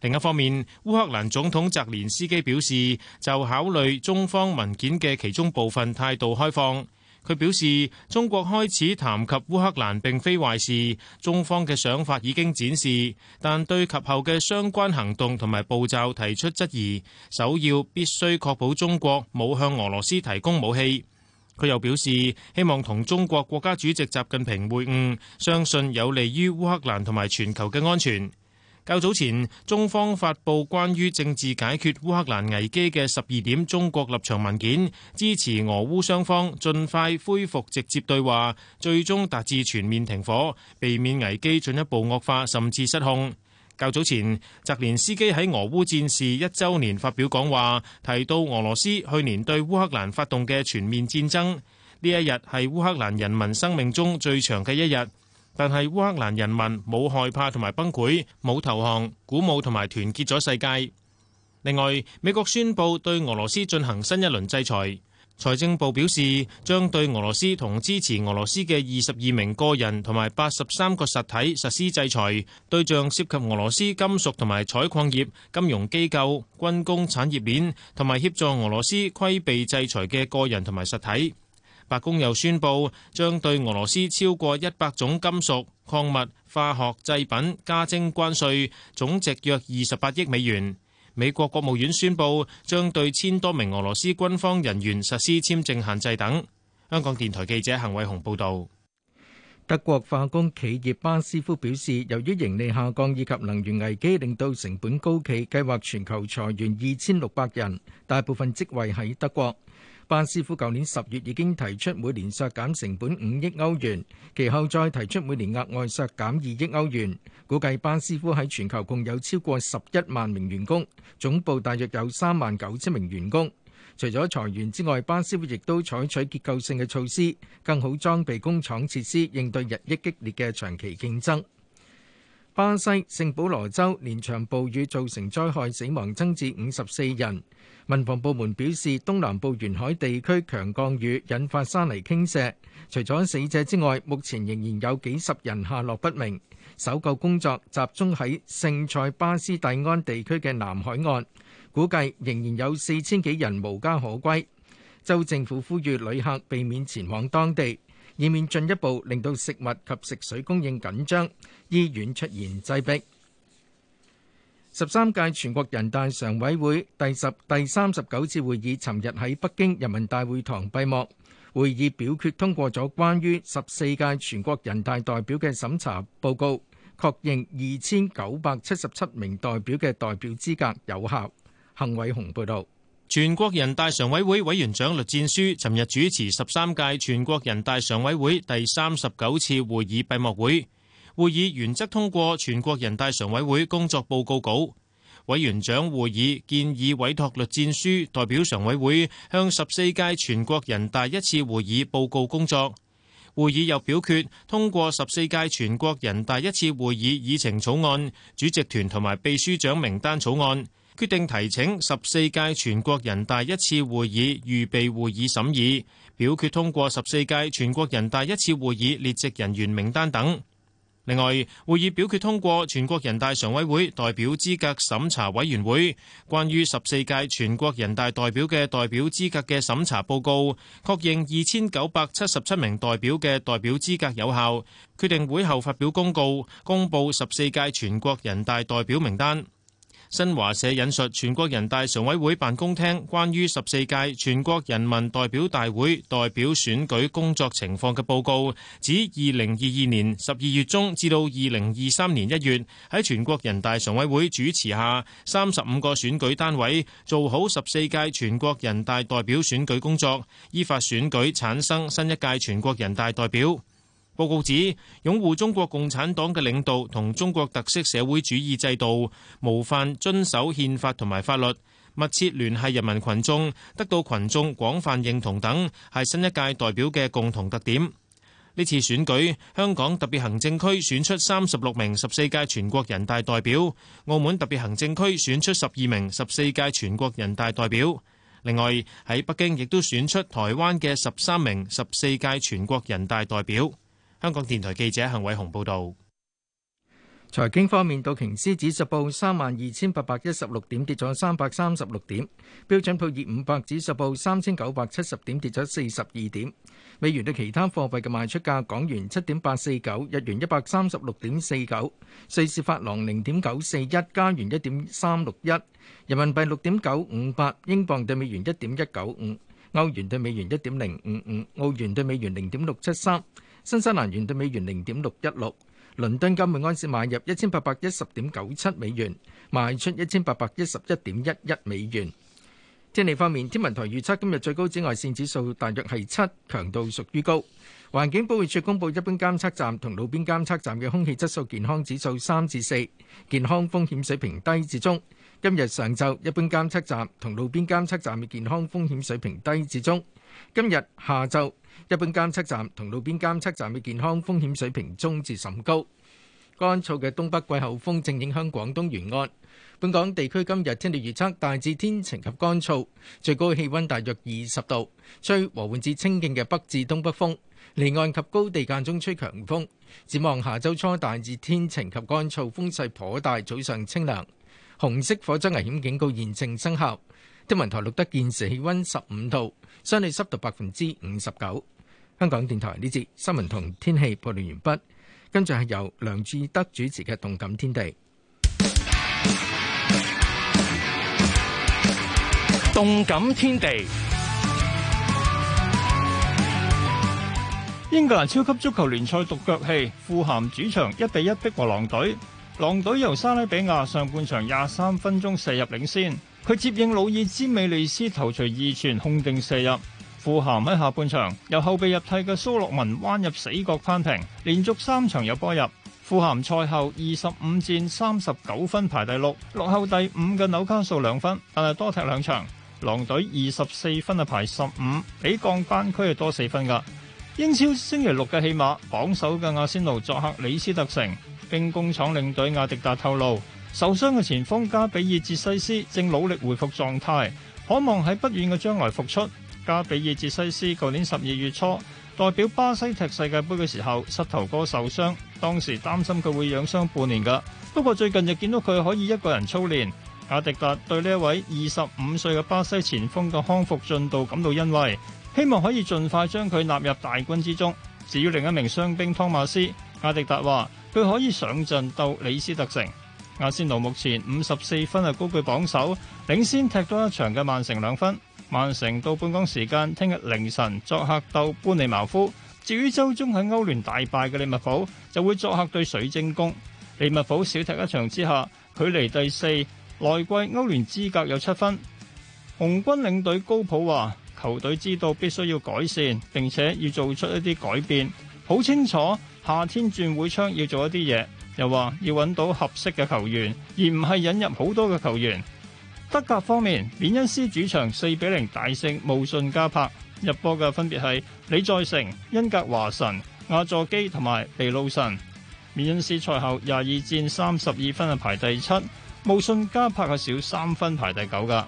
Speaker 1: 另一方面，烏克蘭總統澤連斯基表示，就考慮中方文件嘅其中部分態度開放。佢表示，中國開始談及烏克蘭並非壞事，中方嘅想法已經展示，但對及後嘅相關行動同埋步驟提出質疑。首要必須確保中國冇向俄羅斯提供武器。佢又表示，希望同中國國家主席習近平會晤，相信有利於烏克蘭同埋全球嘅安全。較早前，中方發布關於政治解決烏克蘭危機嘅十二點中國立場文件，支持俄烏雙方盡快恢復直接對話，最終達至全面停火，避免危機進一步惡化，甚至失控。較早前，澤連斯基喺俄烏戰事一周年發表講話，提到俄羅斯去年對烏克蘭發動嘅全面戰爭，呢一日係烏克蘭人民生命中最長嘅一日。但係烏克蘭人民冇害怕同埋崩潰，冇投降，鼓舞同埋團結咗世界。另外，美國宣布對俄羅斯進行新一輪制裁。財政部表示，將對俄羅斯同支持俄羅斯嘅二十二名個人同埋八十三個實體實施制裁，對象涉及俄羅斯金屬同埋採礦業、金融機構、軍工產業鏈，同埋協助俄羅斯規避制裁嘅個人同埋實體。白宮又宣布將對俄羅斯超過一百種金屬礦物、化學製品加徵關稅，總值約二十八億美元。美國國務院宣布將對千多名俄羅斯軍方人員實施簽證限制等。香港
Speaker 10: 電台記者陳偉雄報道。德國化工企業巴斯夫表示，由於盈利下降以及能源危機令到成本高企，計劃全球裁員二千六百人，大部分職位喺德國。巴斯夫舊年十月已經提出每年削減成本五億歐元，其後再提出每年額外削減二億歐元。估計巴斯夫喺全球共有超過十一萬名員工，總部大約有三萬九千名員工。除咗裁員之外，巴斯夫亦都採取結構性嘅措施，更好裝備工廠設施，應對日益激烈嘅長期競爭。巴西聖保羅州連場暴雨造成災害，死亡增至五十四人。民防部門表示，東南部沿海地區強降雨引發山泥傾瀉，除咗死者之外，目前仍然有幾十人下落不明。搜救工作集中喺聖塞巴斯蒂安地區嘅南海岸，估計仍然有四千幾人無家可歸。州政府呼籲旅客避免前往當地，以免進一步令到食物及食水供應緊張，醫院出現擠迫。十三屆全國人大常委會第十第三十九次會議尋日喺北京人民大會堂閉幕。會議表決通過咗關於十四屆全國人大代表嘅審查報告，確認二千九百七十七名代表嘅代表資格有效。幸偉雄報道，
Speaker 1: 全國人大常委會委員長栗戰書尋日主持十三屆全國人大常委會第三十九次會議閉幕會。會議原則通過全國人大常委會工作報告稿。委員長會議建議委託栗戰書代表常委會向十四屆全國人大一次會議報告工作。會議又表決通過十四屆全國人大一次會議議程草案、主席團同埋秘書長名單草案，決定提請十四屆全國人大一次會議預備會議審議，表決通過十四屆全國人大一次會議列席人員名單等。另外，會議表決通過全國人大常委會代表資格審查委員會關於十四屆全國人大代表嘅代表資格嘅審查報告，確認二千九百七十七名代表嘅代表資格有效，決定會後發表公告，公佈十四屆全國人大代表名單。新華社引述全國人大常委會辦公廳關於十四屆全國人民代表大會代表選舉工作情況嘅報告，指二零二二年十二月中至到二零二三年一月，喺全國人大常委會主持下，三十五個選舉單位做好十四屆全國人大代表選舉工作，依法選舉產生新一屆全國人大代表。報告指，擁護中國共產黨嘅領導同中國特色社會主義制度，模範遵守憲法同埋法律，密切聯繫人民群眾，得到群眾廣泛認同等，係新一屆代表嘅共同特點。呢次選舉，香港特別行政區選出三十六名十四屆全國人大代表，澳門特別行政區選出十二名十四屆全國人大代表。另外，喺北京亦都選出台灣嘅十三名十四
Speaker 10: 屆全國人大代表。香港電台記者向偉雄報道。財經方面，道瓊斯指數報三萬二千八百一十六點，跌咗三百三十六點。標準普爾五百指數報三千九百七十點，跌咗四十二點。美元對其他貨幣嘅賣出價：港元七點八四九，日元一百三十六點四九，瑞士法郎零點九四一，加元一點三六一，人民幣六點九五八，英鎊兌美元一點一九五，歐元兌美元一點零五五，澳元兌美元零點六七三。新西蘭元兌美元零點六一六，倫敦金每安士買入一千八百一十點九七美元，賣出一千八百一十一點一一美元。天氣方面，天文台預測今日最高紫外線指數大約係七，強度屬於高。環境保護署公布，一般監測站同路邊監測站嘅空氣質素健康指數三至四，健康風險水平低至中。今日上晝一般監測站同路邊監測站嘅健康風險水平低至中。今日下晝一般監測站同路邊監測站嘅健康風險水平中至甚高。乾燥嘅東北季候風正影響廣東沿岸。本港地區今日天氣預測，大致天晴及乾燥，最高氣溫大約二十度，吹和緩至清勁嘅北至東北風。離岸及高地間中吹強風，展望下週初，大致天晴及乾燥，風勢頗大，早上清涼。紅色火災危險警告現正生效。天文台錄得現時氣溫十五度，相對濕度百分之五十九。香港電台呢節新聞同天氣報料完畢，跟住係由梁志德主持嘅《動感天地》。《動感天地》
Speaker 14: 英格蘭超級足球聯賽獨腳戲，富咸主場一比一逼和狼隊。狼隊由沙拉比亞上半場廿三分鐘射入領先，佢接應努爾詹美利斯頭槌二傳控定射入。富咸喺下半場由後備入替嘅蘇洛文彎入死角攀平，連續三場有波入。富咸賽後二十五戰三十九分排第六，落後第五嘅紐卡素兩分，但係多踢兩場，狼隊二十四分啊排十五，比降班區啊多四分噶。英超星期六嘅戲碼，榜首嘅阿仙奴作客李斯特城。兵工廠領隊亞迪達透露，受傷嘅前鋒加比爾哲西斯正努力恢復狀態，可望喺不遠嘅將來複出。加比爾哲西斯舊年十二月初代表巴西踢世界杯嘅時候，膝頭哥受傷，當時擔心佢會養傷半年噶。不過最近就見到佢可以一個人操練。亞迪達對呢一位二十五歲嘅巴西前鋒嘅康復進度感到欣慰，希望可以盡快將佢納入大軍之中。至於另一名傷兵湯馬斯，亞迪達話：佢可以上陣鬥里斯特城，阿仙奴目前五十四分係高居榜首，領先踢多一場嘅曼城兩分。曼城到半工時間，聽日凌晨作客鬥般尼茅夫。至於周中喺歐聯大敗嘅利物浦，就會作客對水晶宮。利物浦少踢一場之下，距離第四、來季歐聯資格有七分。紅軍領隊高普話：球隊知道必須要改善，並且要做出一啲改變。好清楚夏天轉會窗要做一啲嘢，又話要揾到合適嘅球員，而唔係引入好多嘅球員。德甲方面，緬因斯主場四比零大勝慕遜加柏，入波嘅分別係李在成、恩格華神、亞佐基同埋利魯神。緬因斯賽後廿二戰三十二分係排第七，慕遜加柏嘅少三分排第九噶。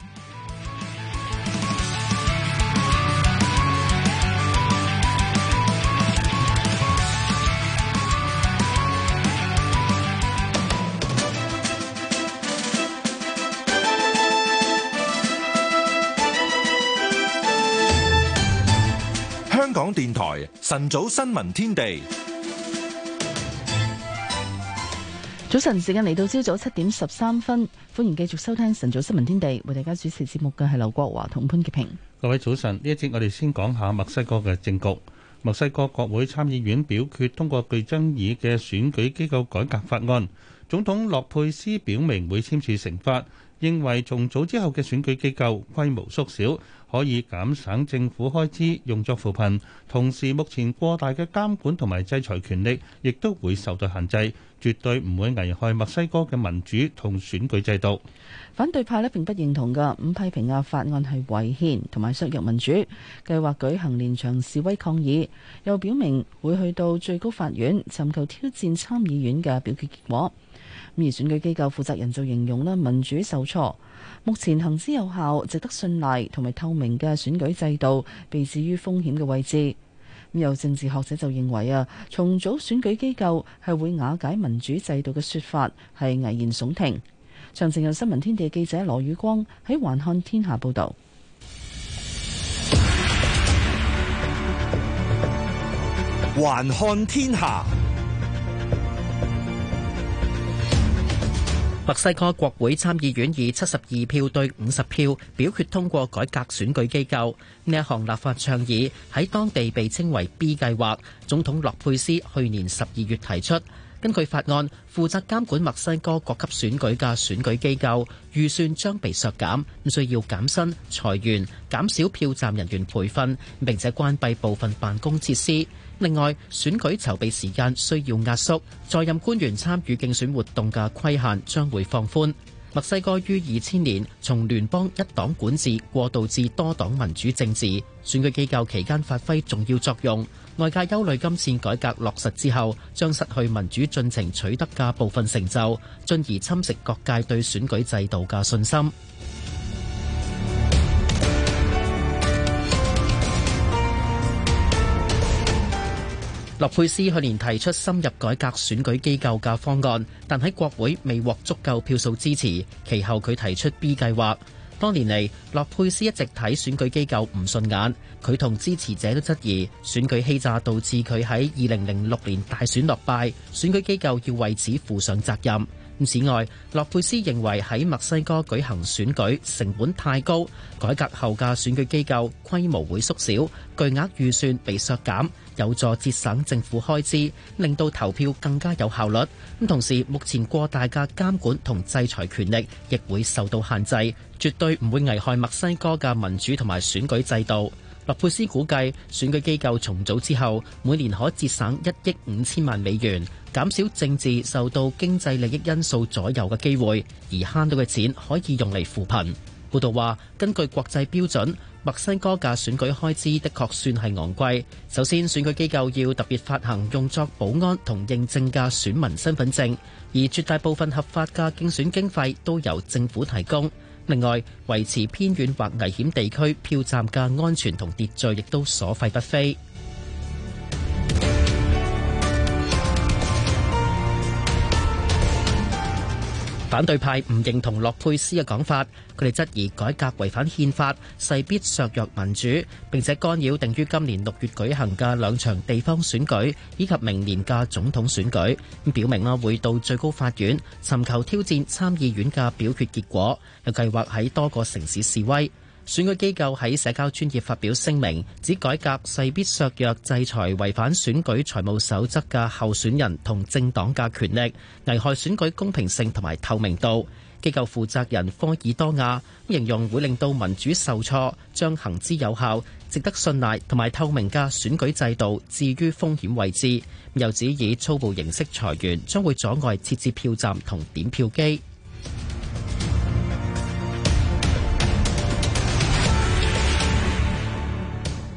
Speaker 2: 晨早新聞天地，
Speaker 3: 早晨時間嚟到朝早七點十三分，歡迎繼續收聽晨早新聞天地，為大家主持節目嘅係劉國華同潘潔平。
Speaker 4: 各位早晨，呢一節我哋先講下墨西哥嘅政局。墨西哥國會參議院表決通過具爭議嘅選舉機構改革法案，總統洛佩斯表明會簽署成法。認為重組之後嘅選舉機構規模縮小，可以減省政府開支，用作扶貧。同時，目前過大嘅監管同埋制裁權力，亦都會受到限制，絕對唔會危害墨西哥嘅民主同選舉制度。
Speaker 3: 反對派咧並不認同㗎，五批評亞法案係違憲同埋削弱民主，計劃舉行連場示威抗議，又表明會去到最高法院尋求挑戰參議院嘅表決結果。而選舉機構負責人就形容咧民主受挫，目前行之有效、值得信賴同埋透明嘅選舉制度被置於風險嘅位置。有政治學者就認為啊，重組選舉機構係會瓦解民主制度嘅説法係危言聳聽。詳情由新聞天地記者羅宇光喺環看天下報導。
Speaker 15: 環看天下。墨西哥國會參議院以七十二票對五十票表決通過改革選舉機構。呢一項立法倡議喺當地被稱為 B 計劃。總統洛佩斯去年十二月提出，根據法案，負責監管墨西哥各級選舉嘅選舉機構預算將被削減，需要減薪、裁員、減少票站人員培訓，並且關閉部分辦公設施。另外，選舉籌備時間需要壓縮，在任官員參與競選活動嘅規限將會放寬。墨西哥於二千年從聯邦一黨管治過渡至多黨民主政治，選舉機構期間發揮重要作用。外界憂慮今次改革落實之後，將失去民主進程取得嘅部分成就，進而侵蝕各界對選舉制度嘅信心。洛佩斯去年提出深入改革選舉機構嘅方案，但喺國會未獲足夠票數支持。其後佢提出 B 計劃。多年嚟，洛佩斯一直睇選舉機構唔順眼，佢同支持者都質疑選舉欺詐導致佢喺二零零六年大選落敗，選舉機構要為此負上責任。此外，洛佩斯認為喺墨西哥舉行選舉成本太高，改革後嘅選舉機構規模會縮小，巨額預算被削減，有助節省政府開支，令到投票更加有效率。同時，目前過大嘅監管同制裁權力亦會受到限制，絕對唔會危害墨西哥嘅民主同埋選舉制度。洛佩斯估計，選舉機構重組之後，每年可節省一億五千萬美元。減少政治受到經濟利益因素左右嘅機會，而慳到嘅錢可以用嚟扶貧。報道話，根據國際標準，墨西哥嘅選舉開支，的確算係昂貴。首先，選舉機構要特別發行用作保安同認證嘅選，選民身份證，而絕大部分合法嘅競選經費都由政府提供。另外，維持偏遠或危險地區票站嘅安全同秩序，亦都所費不菲。反對派唔認同洛佩斯嘅講法，佢哋質疑改革違反憲法，勢必削弱民主，並且干擾定於今年六月舉行嘅兩場地方選舉，以及明年嘅總統選舉。咁表明啦，會到最高法院尋求挑戰參議院嘅表決結果，又計劃喺多個城市示威。選舉機構喺社交專頁發表聲明，指改革勢必削弱制裁違反選舉財務守則嘅候選人同政黨嘅權力，危害選舉公平性同埋透明度。機構負責人科爾多亞形容會令到民主受挫，將行之有效、值得信賴同埋透明嘅選舉制度置於風險位置，又指以粗暴形式裁員將會阻礙設置票站同點票機。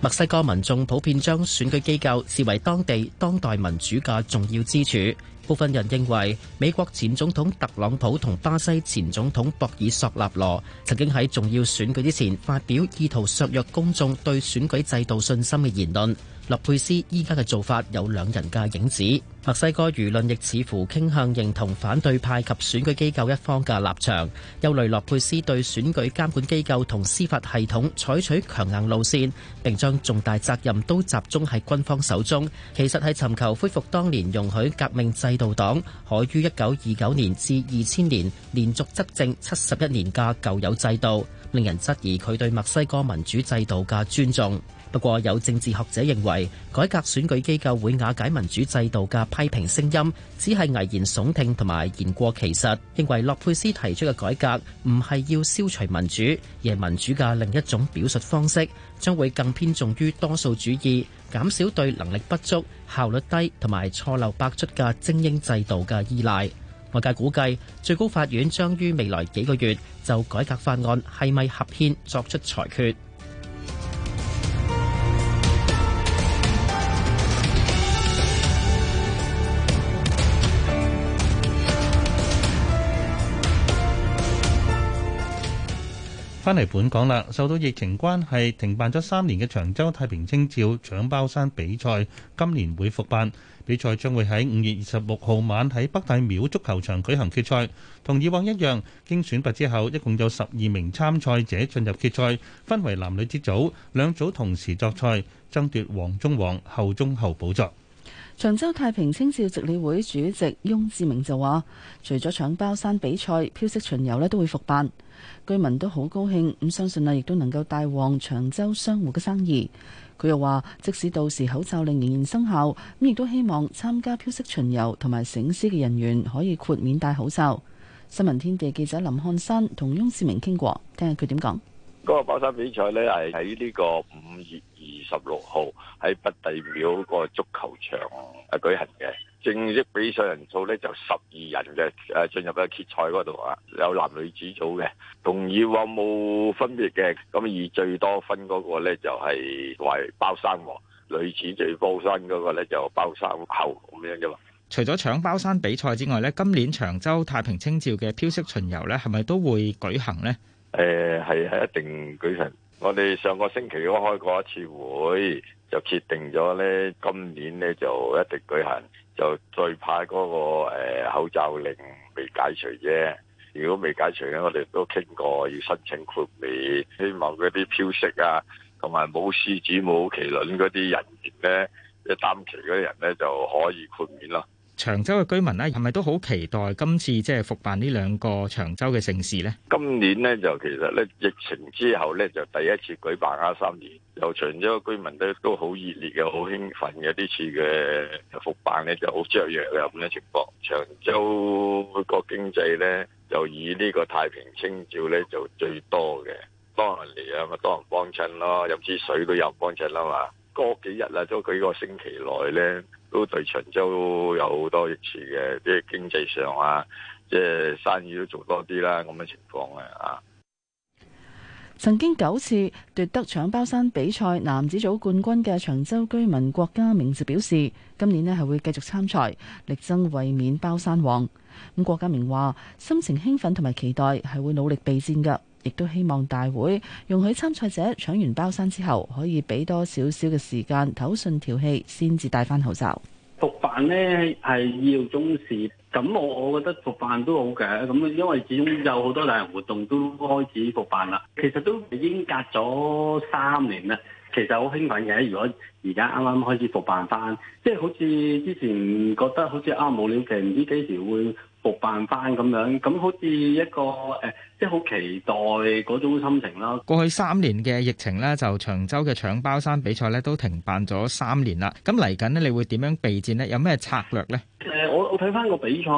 Speaker 15: 墨西哥民眾普遍將選舉機構視為當地當代民主嘅重要支柱。部分人認為，美國前總統特朗普同巴西前總統博爾索納羅曾經喺重要選舉之前發表意圖削弱公眾對選舉制度信心嘅言論。洛佩斯依家嘅做法有兩人嘅影子。墨西哥輿論亦似乎傾向認同反對派及選舉機構一方嘅立場，憂慮洛佩斯對選舉監管機構同司法系統採取強硬路線，並將重大責任都集中喺軍方手中。其實係尋求恢復當年容許革命制度道黨可於一九二九年至二千年連續執政七十一年嘅舊有制度，令人質疑佢對墨西哥民主制度嘅尊重。不過有政治學者認為，改革選舉機構會瓦解民主制度嘅批評聲音，只係危言聳聽同埋言過其實。認為洛佩斯提出嘅改革唔係要消除民主，而係民主嘅另一種表述方式，將會更偏重於多數主義，減少對能力不足、效率低同埋錯漏百出嘅精英制度嘅依賴。外界估計，最高法院將於未來幾個月就改革法案係咪合憲作出裁決。
Speaker 4: 翻嚟本港啦！受到疫情關係停辦咗三年嘅長洲太平清醮搶包山比賽，今年會復辦。比賽將會喺五月二十六號晚喺北帝廟足球場舉行決賽。同以往一樣，經選拔之後，一共有十二名參賽者進入決賽，分為男女之組，兩組同時作賽，爭奪王中王、后中后寶座。
Speaker 3: 長洲太平清醮值理會主席翁志明就話，除咗搶包山比賽、飄色巡遊咧，都會復辦。居民都好高興，咁相信啊，亦都能夠帶旺長洲商戶嘅生意。佢又話，即使到時口罩令仍然生效，咁亦都希望參加飄色巡遊同埋醒獅嘅人員可以豁免戴口罩。新聞天地記者林漢山同翁志明傾過，聽下佢點講。
Speaker 16: 嗰個跑山比賽呢，係喺呢個五月二十六號喺北帝廟個足球場啊舉行嘅。正式比賽人數咧就十二人嘅，誒、啊、進入嘅決賽嗰度啊，有男女子組嘅，同以往冇分別嘅。咁以最多分嗰個咧就係、是、為包山王，女子最高分嗰個咧就是、包山后咁樣啫嘛。
Speaker 12: 除咗搶包山比賽之外咧，今年長洲太平清醮嘅飄色巡遊咧，係咪都會舉行咧？
Speaker 16: 誒係係一定舉行。我哋上個星期都開過一次會，就決定咗咧，今年咧就一定舉行。就最怕嗰個誒口罩令未解除啫。如果未解除咧，我哋都傾過要申請豁免，希望嗰啲飄色啊，同埋冇獅子冇麒麟嗰啲人員咧，一擔旗嗰啲人咧就可以豁免咯。
Speaker 12: 長洲嘅居民咧，啊，係咪都好期待今次即係復辦呢兩個長洲嘅盛事呢？
Speaker 16: 今年呢，就其實咧疫情之後咧就第一次舉辦啊，三年由長洲嘅居民咧都好熱烈嘅，好興奮嘅呢次嘅復辦咧就好雀躍嘅咁嘅情況。長洲個經濟咧就以呢個太平清醮咧就最多嘅，多人嚟啊，咪多人幫襯咯，入有支水都有人幫襯啦嘛，嗰幾日啊，都幾個星期內咧。都對長洲有好多益處嘅，啲經濟上啊，即係生意都做多啲啦，咁嘅情況咧啊！
Speaker 3: 曾經九次奪得搶包山比賽男子組冠軍嘅長洲居民郭家明就表示，今年咧係會繼續參賽，力爭衞冕包山王。咁郭家明話：心情興奮同埋期待，係會努力備戰㗎。亦都希望大會容許參賽者搶完包山之後，可以俾多少少嘅時間唞順條氣，先至戴翻口罩。
Speaker 17: 復辦呢係意料中事，咁我我覺得復辦都好嘅，咁因為始終有好多大型活動都開始復辦啦，其實都已經隔咗三年啦，其實好興奮嘅，如果而家啱啱開始復辦翻，即係好似之前覺得好似啱無了期，唔知幾時會。復辦翻咁樣，咁好似一個誒，即係好期待嗰種心情啦。過去
Speaker 12: 三年嘅疫情咧，就長洲嘅搶包山比賽咧都停辦咗三年啦。咁嚟緊咧，你會點樣備戰呢？有咩策略
Speaker 17: 咧？誒，我我睇翻個比賽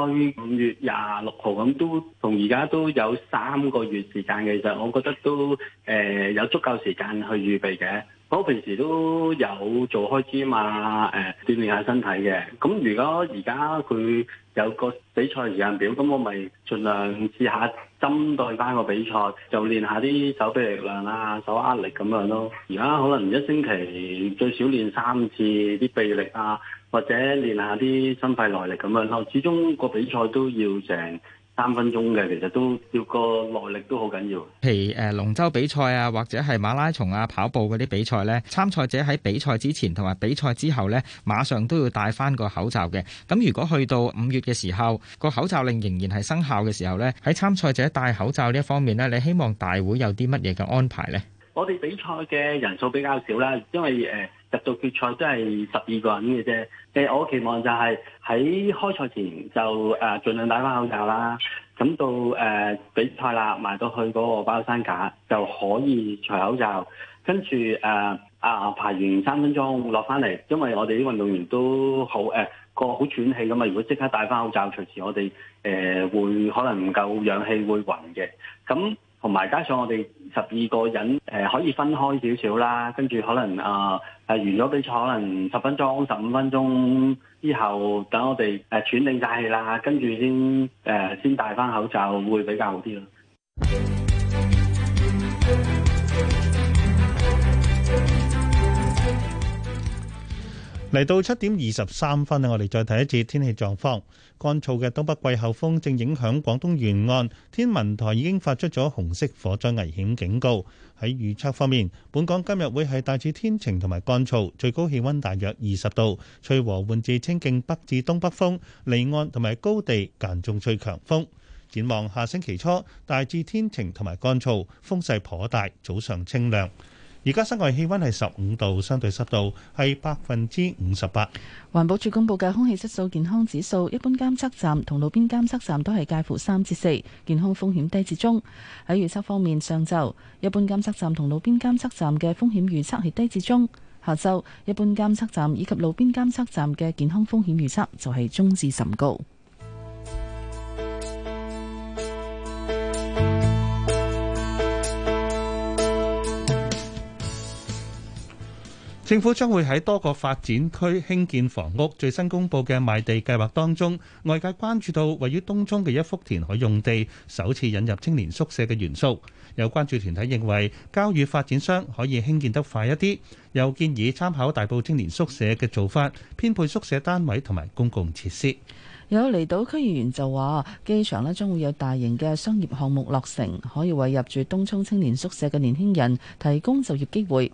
Speaker 17: 五月廿六號咁，都同而家都有三個月時間嘅，其實我覺得都誒有足夠時間去預備嘅。我平時都有做開姿嘛，誒鍛鍊下身體嘅。咁如果而家佢有個比賽時間表，咁我咪盡量試下針對翻個比賽，就練下啲手臂力量啊、手握力咁樣咯、啊。而家可能一星期最少練三次啲臂力啊，或者練下啲心肺耐力咁樣咯。始終個比賽都要成三分鐘嘅，其實
Speaker 12: 都要個耐力都好緊要。譬如誒、呃、龍舟比賽啊，或者係馬拉松啊、跑步嗰啲比賽呢，參賽者喺比賽之前同埋比賽之後呢，馬上都要戴返個口罩嘅。咁如果去到五月嘅時候，個口罩令仍然係生效嘅時候呢，喺參賽者戴口罩呢一方面呢，你希望大會有啲乜嘢嘅安排呢？我哋比賽嘅人
Speaker 17: 數比較少啦，因為誒。呃入到決賽都係十二個人嘅啫，誒、呃，我期望就係喺開賽前就誒、呃、盡量戴翻口罩啦，咁、嗯、到誒、呃、比賽啦，埋到去嗰個包山架就可以除口罩，跟住誒、呃、啊爬完三分鐘落翻嚟，因為我哋啲運動員都好誒個好喘氣咁嘛，如果即刻戴翻口罩，隨時我哋誒、呃、會可能唔夠氧氣會暈嘅，咁、嗯。同埋加上我哋十二個人，誒、呃、可以分開少少啦，跟住可能啊，係、呃、完咗比賽可能十分鐘、十五分鐘之後，等我哋誒、呃、喘定晒氣啦，跟住先誒先戴翻口罩，會比較好啲咯。
Speaker 4: 嚟到七點二十三分啊！我哋再睇一次天氣狀況。乾燥嘅東北季候風正影響廣東沿岸，天文台已經發出咗紅色火災危險警告。喺預測方面，本港今日會係大致天晴同埋乾燥，最高氣温大約二十度，吹和緩至清勁北至東北風，離岸同埋高地間中吹強風。展望下星期初，大致天晴同埋乾燥，風勢頗大，早上清涼。而家室外氣溫係十五度，相對濕度係百分之五十八。
Speaker 3: 環保署公布嘅空氣質素健康指數，一般監測站同路邊監測站都係介乎三至四，健康風險低至中。喺預測方面，上晝一般監測站同路邊監測站嘅風險預測係低至中，下晝一般監測站以及路邊監測站嘅健康風險預測就係中至甚高。
Speaker 4: 政府將會喺多個發展區興建房屋。最新公布嘅賣地計劃當中，外界關注到位於東涌嘅一幅填海用地，首次引入青年宿舍嘅元素。有關注團體認為，交由發展商可以興建得快一啲，又建議參考大埔青年宿舍嘅做法，編配宿舍單位同埋公共設施。
Speaker 3: 有離島區議員就話，機場呢將會有大型嘅商業項目落成，可以為入住東涌青年宿舍嘅年輕人提供就業機會。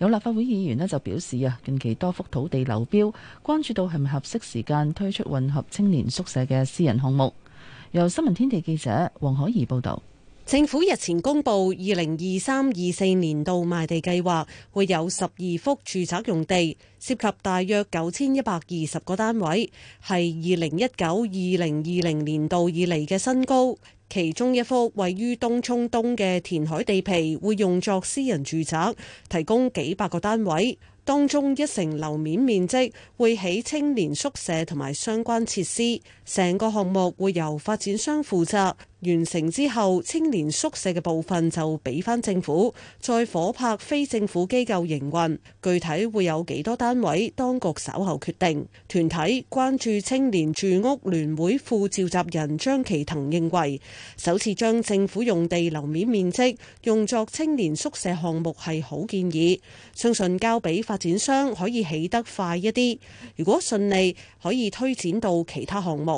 Speaker 3: 有立法會議員呢就表示啊，近期多幅土地流標，關注到係咪合適時間推出混合青年宿舍嘅私人項目。由新聞天地記者黃可怡報導。
Speaker 18: 政府日前公布二零二三二四年度賣地計劃，會有十二幅住宅用地，涉及大約九千一百二十個單位，係二零一九二零二零年度以嚟嘅新高。其中一幅位於東涌東嘅填海地皮會用作私人住宅，提供幾百個單位，當中一成樓面面積會起青年宿舍同埋相關設施。成個項目會由發展商負責，完成之後，青年宿舍嘅部分就畀返政府，再伙拍非政府機構營運。具體會有幾多單位，當局稍後決定。團體關注青年住屋聯會副召集人張其騰認為，首次將政府用地樓面面積用作青年宿舍項目係好建議，相信交畀發展商可以起得快一啲。如果順利，可以推展到其他項目。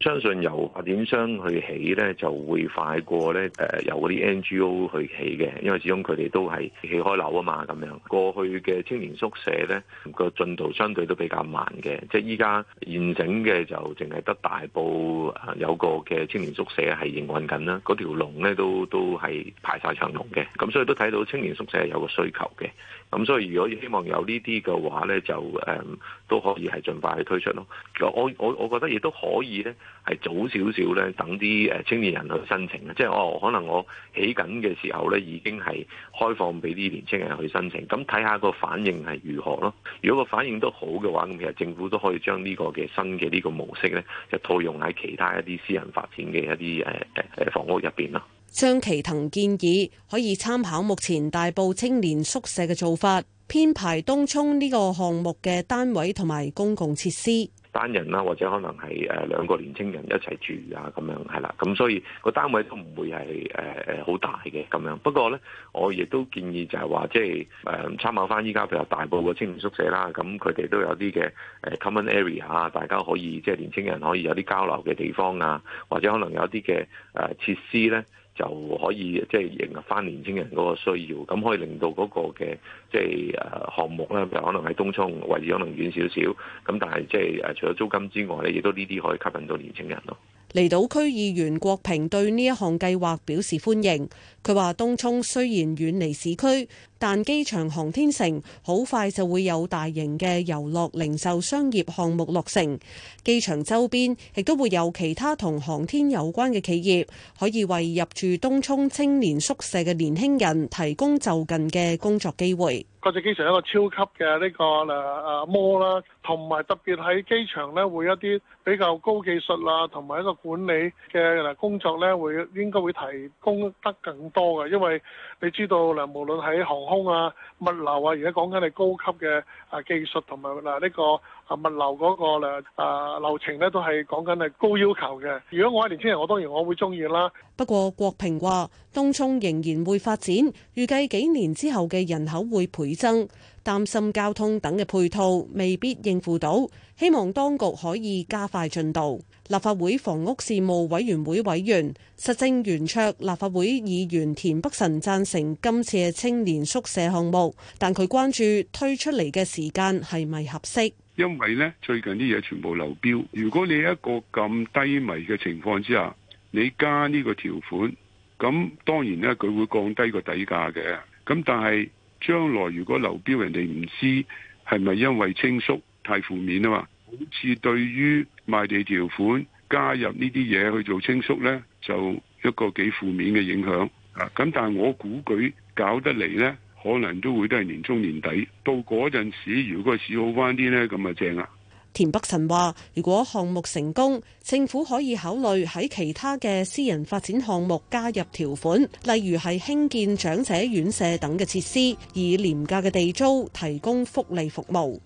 Speaker 19: 相信由發展商去起咧，就會快過咧誒由嗰啲 NGO 去起嘅，因為始終佢哋都係起開樓啊嘛咁樣。過去嘅青年宿舍咧個進度相對都比較慢嘅，即係依家現整嘅就淨係得大埔有個嘅青年宿舍係營運緊啦，嗰條龍咧都都係排晒長龍嘅。咁所以都睇到青年宿舍係有個需求嘅。咁所以如果希望有呢啲嘅話咧，就誒、嗯、都可以係儘快去推出咯。我我我覺得亦都可以咧。係早少少咧，等啲誒青年人去申請嘅，即係哦，可能我起緊嘅時候咧，已經係開放俾啲年青人去申請，咁睇下個反應係如何咯。如果個反應都好嘅話，咁其實政府都可以將呢個嘅新嘅呢個模式咧，就套用喺其他一啲私人發展嘅一啲誒誒誒房屋入邊咯。
Speaker 18: 張其騰建議可以參考目前大埔青年宿舍嘅做法，編排東涌呢個項目嘅單位同埋公共設施。
Speaker 19: 單人啦，或者可能係誒兩個年青人一齊住啊，咁樣係啦，咁所以個單位都唔會係誒誒好大嘅咁樣。不過咧，我亦都建議就係話，即係誒參考翻依家譬如大部分嘅青年宿舍啦，咁佢哋都有啲嘅誒 common area 啊，大家可以即係、就是、年青人可以有啲交流嘅地方啊，或者可能有啲嘅誒設施咧。就可以即係迎合翻年青人嗰個需要，咁可以令到嗰個嘅即係誒項目咧，就可能喺東涌位置可能遠少少，咁但係即係誒除咗租金之外咧，亦都呢啲可以吸引到年青人咯。
Speaker 18: 離島區議員郭平對呢一項計劃表示歡迎。佢話東涌雖然遠離市區，但機場航天城好快就會有大型嘅遊樂、零售、商業項目落成。機場周邊亦都會有其他同航天有關嘅企業可以為入住東涌青年宿舍嘅年輕人提供就近嘅工作機會。
Speaker 6: 國際機場一個超級嘅呢個誒誒摩啦，同埋特別喺機場咧會一啲比較高技術啊，同埋一個管理嘅嗱工作咧會應該會提供得更。多嘅，因為你知道嗱，無論喺航空啊、物流啊，而家講緊係高級嘅啊技術同埋嗱呢個啊物流嗰個嗱流程咧，都係講緊係高要求嘅。如果我係年輕人，我當然我會中意啦。
Speaker 18: 不過國，國平話。東涌仍然會發展，預計幾年之後嘅人口會倍增，擔心交通等嘅配套未必應付到。希望當局可以加快進度。立法會房屋事務委員會委員、實政圓桌立法會議員田北辰贊成今次嘅青年宿舍項目，但佢關注推出嚟嘅時間係咪合適？
Speaker 16: 因為呢，最近啲嘢全部流標，如果你一個咁低迷嘅情況之下，你加呢個條款。咁當然咧，佢會降低個底價嘅。咁但係將來如果流標人哋唔知，係咪因為清縮太負面啊嘛？好似對於賣地條款加入呢啲嘢去做清縮呢，就一個幾負面嘅影響啊。咁但係我估佢搞得嚟呢，可能都會都係年中年底到嗰陣時，如果市好返啲呢，咁啊正啦。
Speaker 18: 田北辰話，如果項目成功，政府可以考慮喺其他嘅私人發展項目加入條款，例如係興建長者院舍等嘅設施，以廉價嘅地租提供福利服務。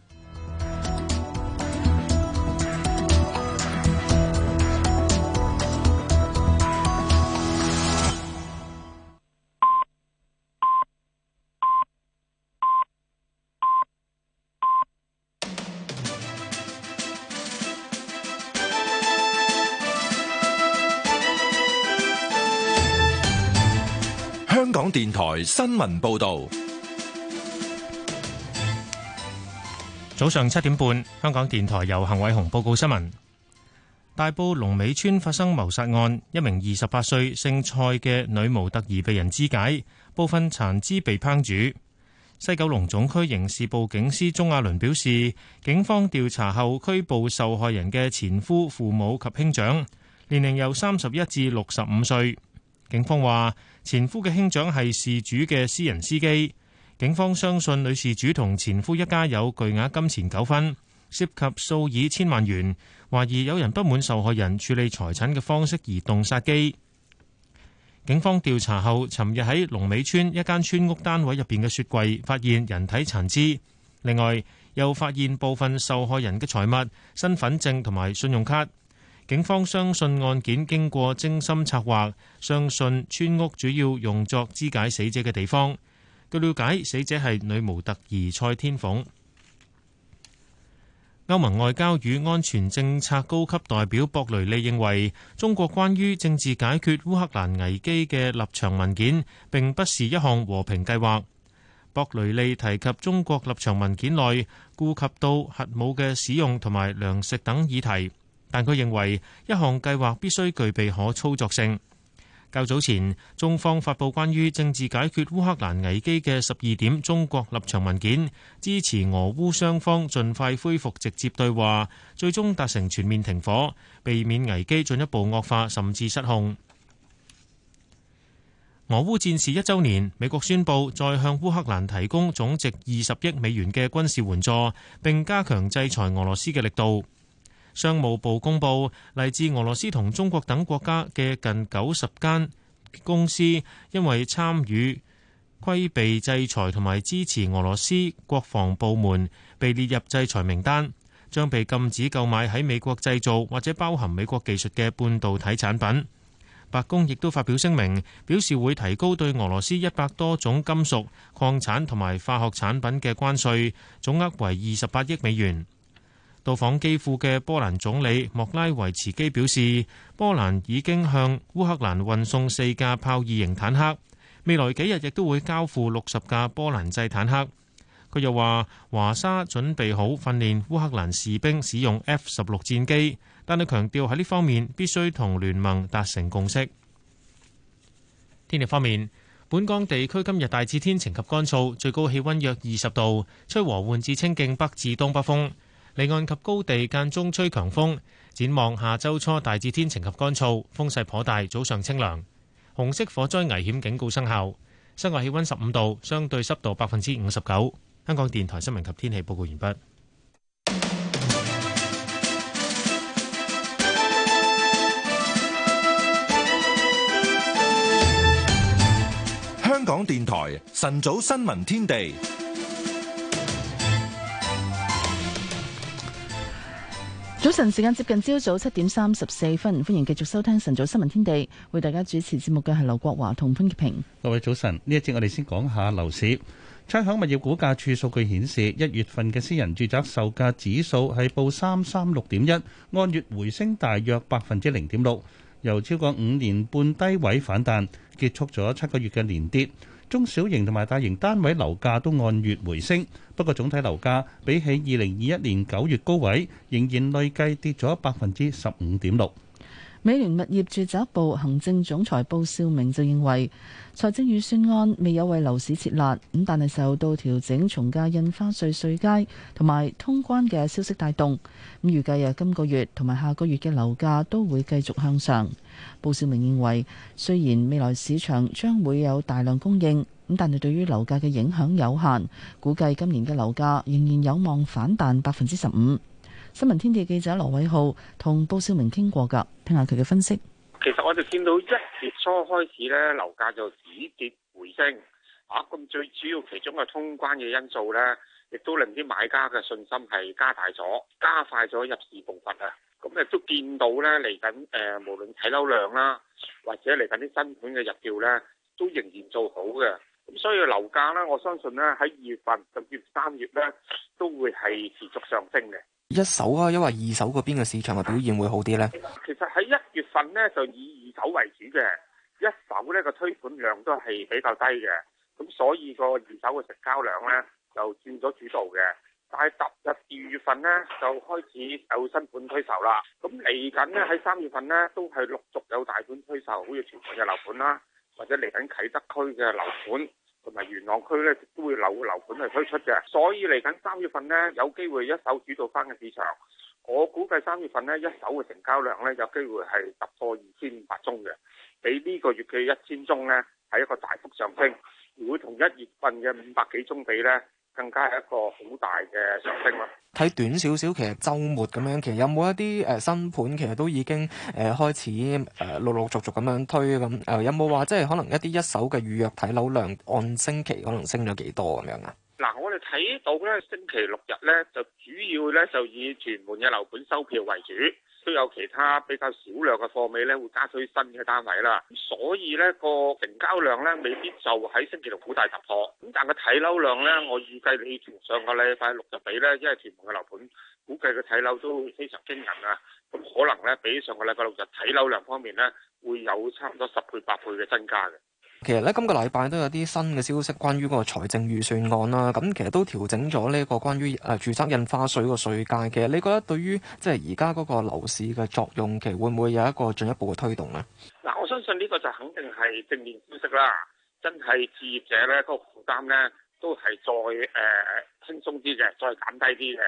Speaker 2: 電台新聞報道：
Speaker 1: 早上七點半，香港電台由邢偉雄報告新聞。大埔龍尾村發生謀殺案，一名二十八歲姓蔡嘅女模特兒被人肢解，部分殘肢被烹煮。西九龍總區刑事部警司鍾亞倫表示，警方調查後拘捕受害人嘅前夫、父母及兄長，年齡由三十一至六十五歲。警方話：前夫嘅兄長係事主嘅私人司機，警方相信女事主同前夫一家有巨額金錢糾紛，涉及數以千萬元，懷疑有人不滿受害人處理財產嘅方式而動殺機。警方調查後，尋日喺龍尾村一間村屋單位入邊嘅雪櫃發現人體殘肢，另外又發現部分受害人嘅財物、身份證同埋信用卡。警方相信案件經過精心策劃，相信村屋主要用作肢解死者嘅地方。據了解，死者係女模特兒蔡天鳳。歐盟外交與安全政策高級代表博雷利認為，中國關於政治解決烏克蘭危機嘅立場文件並不是一項和平計劃。博雷利提及中國立場文件內顧及到核武嘅使用同埋糧食等議題。但佢認為，一項計劃必須具備可操作性。較早前，中方發布關於政治解決烏克蘭危機嘅十二點中國立場文件，支持俄烏雙方盡快恢復直接對話，最終達成全面停火，避免危機進一步惡化，甚至失控。俄烏戰事一週年，美國宣布再向烏克蘭提供總值二十億美元嘅軍事援助，並加強制裁俄羅斯嘅力度。商務部公佈，嚟自俄羅斯同中國等國家嘅近九十間公司，因為參與規避制裁同埋支持俄羅斯國防部門，被列入制裁名單，將被禁止購買喺美國製造或者包含美國技術嘅半導體產品。白宮亦都發表聲明，表示會提高對俄羅斯一百多種金屬、礦產同埋化學產品嘅關稅，總額為二十八億美元。到訪基輔嘅波蘭總理莫拉維茨基表示，波蘭已經向烏克蘭運送四架豹二型坦克，未來幾日亦都會交付六十架波蘭製坦克。佢又話華沙準備好訓練烏克蘭士兵使用 F 十六戰機，但係強調喺呢方面必須同聯盟達成共識。天氣方面，本港地區今日大致天晴及乾燥，最高氣温約二十度，吹和緩至清勁北至東北風。離岸及高地間中吹強風，展望下周初大致天晴及乾燥，風勢頗大，早上清涼。紅色火災危險警告生效，室外氣溫十五度，相對濕度百分之五十九。香港電台新聞及天氣報告完畢。
Speaker 2: 香港電台晨早新聞天地。
Speaker 3: 早晨，時間接近朝早七點三十四分，歡迎繼續收聽晨早新聞天地。為大家主持節目嘅係劉國華同潘潔平。
Speaker 4: 各位早晨，呢一節我哋先講下樓市。差餉物業估價署數據顯示，一月份嘅私人住宅售價指數係報三三六點一，按月回升大約百分之零點六，由超過五年半低位反彈，結束咗七個月嘅連跌。中小型同埋大型單位樓價都按月回升。不過，總體樓價比起二零二一年九月高位，仍然累計跌咗百分之十五點六。
Speaker 3: 美聯物業住宅部行政總裁布少明就認為，財政預算案未有為樓市設立，咁但係受到調整重價印花稅稅階同埋通關嘅消息帶動，咁預計啊今個月同埋下個月嘅樓價都會繼續向上。布少明認為，雖然未來市場將會有大量供應。咁但係對於樓價嘅影響有限，估計今年嘅樓價仍然有望反彈百分之十五。新聞天地記者羅偉浩同鮑少明傾過噶聽下佢嘅分析。
Speaker 20: 其實我就見到一月初開始咧，樓價就止跌回升。啊，咁最主要其中嘅通關嘅因素咧，亦都令啲買家嘅信心係加大咗，加快咗入市步伐啊。咁亦都見到咧嚟緊誒，無論睇樓量啦，或者嚟緊啲新盤嘅入票咧，都仍然做好嘅。所以樓價咧，我相信咧喺二月份甚至三月咧，都會係持續上升嘅。
Speaker 9: 一手啊，因為二手嗰邊嘅市場嘅表現會好啲咧。
Speaker 20: 其實喺一月份咧就以二手為主嘅，一手咧個推盤量都係比較低嘅，咁所以個二手嘅成交量咧就轉咗主導嘅。但係踏入二月份咧就開始有新盤推售啦，咁嚟緊咧喺三月份咧都係陸續有大盤推售，好似全部嘅樓盤啦，或者嚟緊啟德區嘅樓盤。同埋元朗區咧，都會留個樓盤嚟推出嘅，所以嚟緊三月份咧，有機會一手主導翻嘅市場。我估計三月份咧，一手嘅成交量咧，有機會係突破二千五百宗嘅，比呢個月嘅一千宗咧，係一個大幅上升。如果同一月份嘅五百幾宗比咧，更加係一個好大嘅上升
Speaker 9: 咯。睇短少少，其實週末咁樣，其實有冇一啲誒新盤，其實都已經誒、呃、開始誒陸陸續續咁樣推咁。誒有冇話即係可能一啲一手嘅預約睇樓量按星期可能升咗幾多咁樣啊？
Speaker 20: 嗱，我哋睇到咧，星期六日咧就主要咧就以屯門嘅樓盤收票為主。都有其他比較少量嘅貨尾咧，會加推新嘅單位啦。所以咧個成交量咧，未必就喺星期六好大突破。咁但係個睇樓量咧，我預計你上個禮拜六就比咧，因為屯門嘅樓盤估計嘅睇樓都非常驚人啊。咁可能咧比上個禮拜六就睇樓量方面咧，會有差唔多十倍、八倍嘅增加嘅。
Speaker 9: 其實咧，今個禮拜都有啲新嘅消息，關於嗰個財政預算案啦、啊。咁其實都調整咗呢一個關於誒住宅印花稅個稅階。其實你覺得對於即係而家嗰個樓市嘅作用，其實會唔會有一個進一步嘅推動咧？
Speaker 20: 嗱、啊，我相信呢個就肯定係正面消息啦。真係置業者咧、嗰個負擔咧都係再誒、呃、輕鬆啲嘅，再減低啲嘅。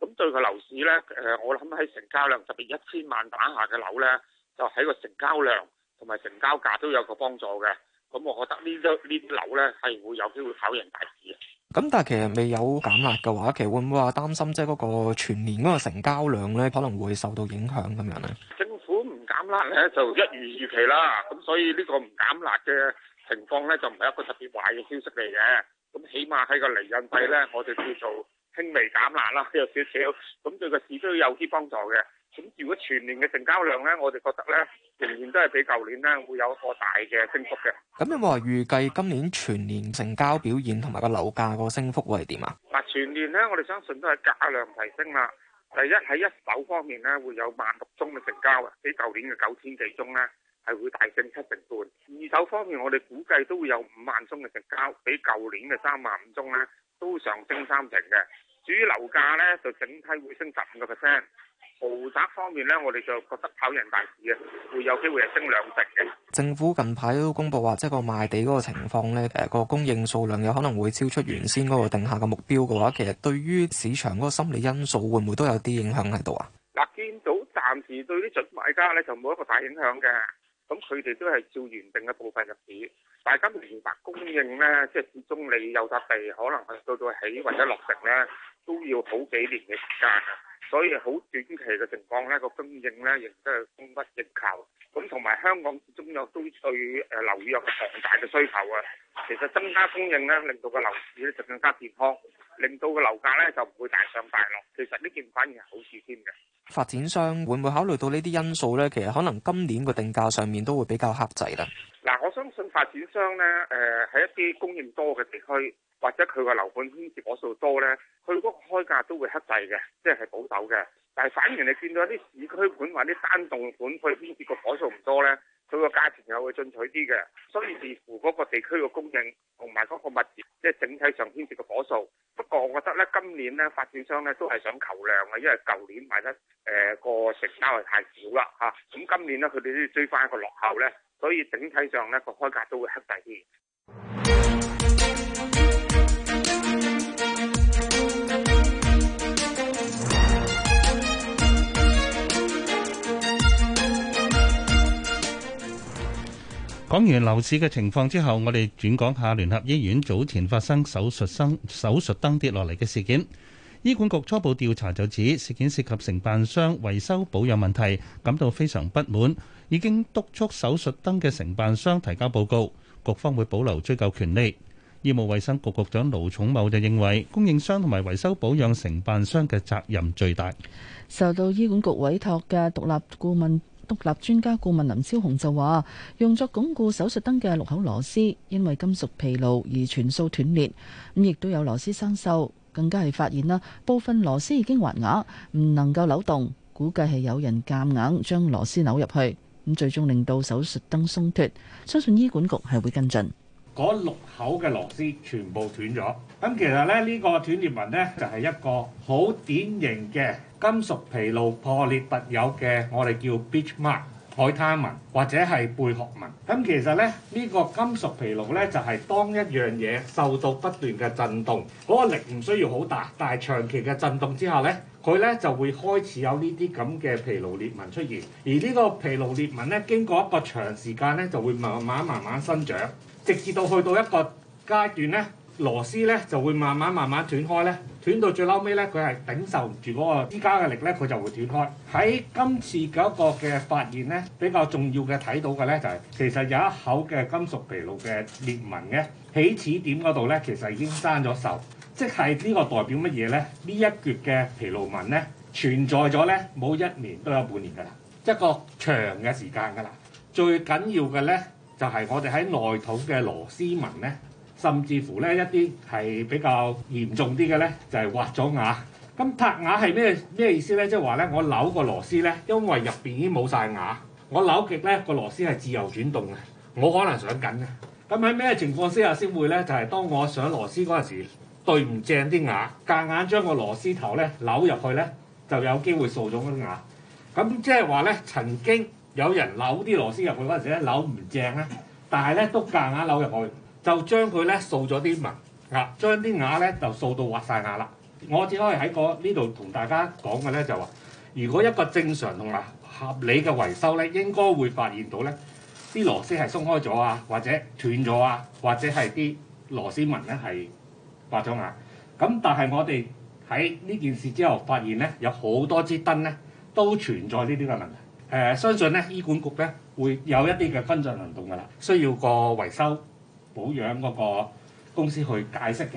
Speaker 20: 咁對個樓市咧誒，我諗喺成交量特別一千萬以下嘅樓咧，就喺個成交量同埋成交價都有個幫助嘅。咁我覺得呢一呢啲樓咧係會有機會考贏大市
Speaker 9: 嘅。咁但係其實未有減辣嘅話，其實會唔會話擔心即係嗰個全年嗰個成交量咧可能會受到影響咁樣咧？政
Speaker 20: 府唔減辣咧就一如預期啦。咁所以個減呢個唔減辣嘅情況咧就唔係一個特別壞嘅消息嚟嘅。咁起碼喺個釐印費咧，我哋叫做輕微減辣啦，有少少。咁對個市都有啲幫助嘅。咁如果全年嘅成交量呢，我哋覺得呢，仍然都係比舊年呢會有一個大嘅升幅嘅。
Speaker 9: 咁有冇話預計今年全年成交表現同埋個樓價個升幅會係點啊？
Speaker 20: 嗱， 全年呢，我哋相信都係價量提升啦。第一喺一手方面呢，會有萬六宗嘅成交啊，比舊年嘅九千幾宗呢，係會大升七成半。二手方面，我哋估計都會有五萬宗嘅成交，比舊年嘅三萬五宗呢，都上升三成嘅。至於樓價呢，就整體會升十五個 percent。豪宅方面咧，我哋就覺得跑贏大市嘅，會有機會係升兩成嘅。
Speaker 9: 政府近排都公布話，即係個賣地嗰個情況咧，誒、呃、個供應數量有可能會超出原先嗰個定下嘅目標嘅話，其實對於市場嗰個心理因素會唔會都有啲影響喺度啊？
Speaker 20: 嗱，見到暫時對啲準買家咧就冇一個大影響嘅，咁佢哋都係照原定嘅步伐入市。大家明白供應咧，即係始終你有笪地，可能係到到起或者落成咧，都要好幾年嘅時間。所以好短期嘅情況咧，個供應咧亦都係供不應求，咁同埋香港始終有都對誒樓宇有個龐大嘅需求啊。其實增加供應咧，令到個樓市咧就更加健康，令到個樓價咧就唔會大上大落。其實呢件反而係好事添嘅。
Speaker 9: 發展商會唔會考慮到呢啲因素咧？其實可能今年個定價上面都會比較克制啦。
Speaker 20: 嗱、啊，我相信發展商咧，誒、呃、喺一啲供應多嘅地區，或者佢個樓盤牽涉伙數多呢，佢嗰個開價都會克制嘅，即係保守嘅。但係反而你見到啲市區盤或啲單幢盤，佢牽涉個伙數唔多呢，佢個價錢又會進取啲嘅。所以視乎嗰個地區嘅供應同埋嗰個物業，即係整體上牽涉伙數。不過我覺得呢，今年呢發展商呢都係想求量啊，因為舊年賣得誒個成交係太少啦嚇。咁、啊嗯、今年呢，佢哋要追翻個落後呢，所以整體上呢個開價都會克制啲。
Speaker 4: 講完樓市嘅情況之後，我哋轉講下聯合醫院早前發生手術燈手術燈跌落嚟嘅事件。醫管局初步調查就指，事件涉及承辦商維修保養問題，感到非常不滿，已經督促手術燈嘅承辦商提交報告，局方會保留追究權利。醫務衛生局局長盧寵茂就認為，供應商同埋維修保養承辦商嘅責任最大。受
Speaker 3: 到醫管局委託嘅獨立顧問。獨立專家顧問林超雄就話：用作鞏固手術燈嘅六口螺絲，因為金屬疲勞而全數斷裂。咁亦都有螺絲生鏽，更加係發現啦，部分螺絲已經滑牙，唔能夠扭動。估計係有人夾硬將螺絲扭入去，咁最終令到手術燈鬆脫。相信醫管局係會跟進。
Speaker 2: 嗰六口嘅螺絲全部斷咗。咁其實呢，呢個斷裂紋呢，就係一個好典型嘅，金屬疲勞破裂特有嘅，我哋叫 beach mark 海灘紋或者係貝殼紋。咁、嗯、其實咧，呢、這個金屬疲勞咧就係、是、當一樣嘢受到不斷嘅震動，嗰、那個力唔需要好大，但係長期嘅震動之下咧，佢咧就會開始有呢啲咁嘅疲勞裂紋出現。而呢個疲勞裂紋咧，經過一個長時間咧，就會慢慢慢慢生長，直至到去到一個階段咧，螺絲咧就會慢慢慢慢斷開咧。斷到最撈尾咧，佢係頂受唔住嗰個依家嘅力咧，佢就會斷開。喺今次嗰個嘅發現咧，比較重要嘅睇到嘅咧就係，其實有一口嘅金屬疲勞嘅裂紋嘅起始點嗰度咧，其實已經生咗銹，即係呢個代表乜嘢咧？一呢一撅嘅疲勞紋咧存在咗咧冇一年都有半年㗎啦，一個長嘅時間㗎啦。最緊要嘅咧就係、是、我哋喺內土嘅螺絲紋咧。甚至乎咧一啲係比較嚴重啲嘅咧，就係挖咗牙。咁拍牙係咩咩意思咧？即係話咧，我扭個螺絲咧，因為入邊已經冇晒牙，我扭極咧個螺絲係自由轉動嘅，我可能想緊嘅。咁喺咩情況之下先會咧？就係、是、當我上螺絲嗰陣時對唔正啲牙，夾硬將個螺絲頭咧扭入去咧，就有機會掃咗啲牙。咁即係話咧，曾經有人扭啲螺絲入去嗰陣時咧扭唔正咧，但係咧都夾硬扭入去。就將佢咧掃咗啲紋啊，將啲牙咧就掃到滑晒牙啦。我只可以喺、這個呢度同大家講嘅咧就話、是，如果一個正常同埋合理嘅維修咧，應該會發現到咧啲螺絲係鬆開咗啊，或者斷咗啊，或者係啲螺絲紋咧係滑咗牙。咁但係我哋喺呢件事之後發現咧，有好多支燈咧都存在呢啲嘅問題。誒、呃，相信咧醫管局咧會有一啲嘅跟進行動㗎啦，需要個維修。保養嗰個公司去
Speaker 3: 解釋嘅。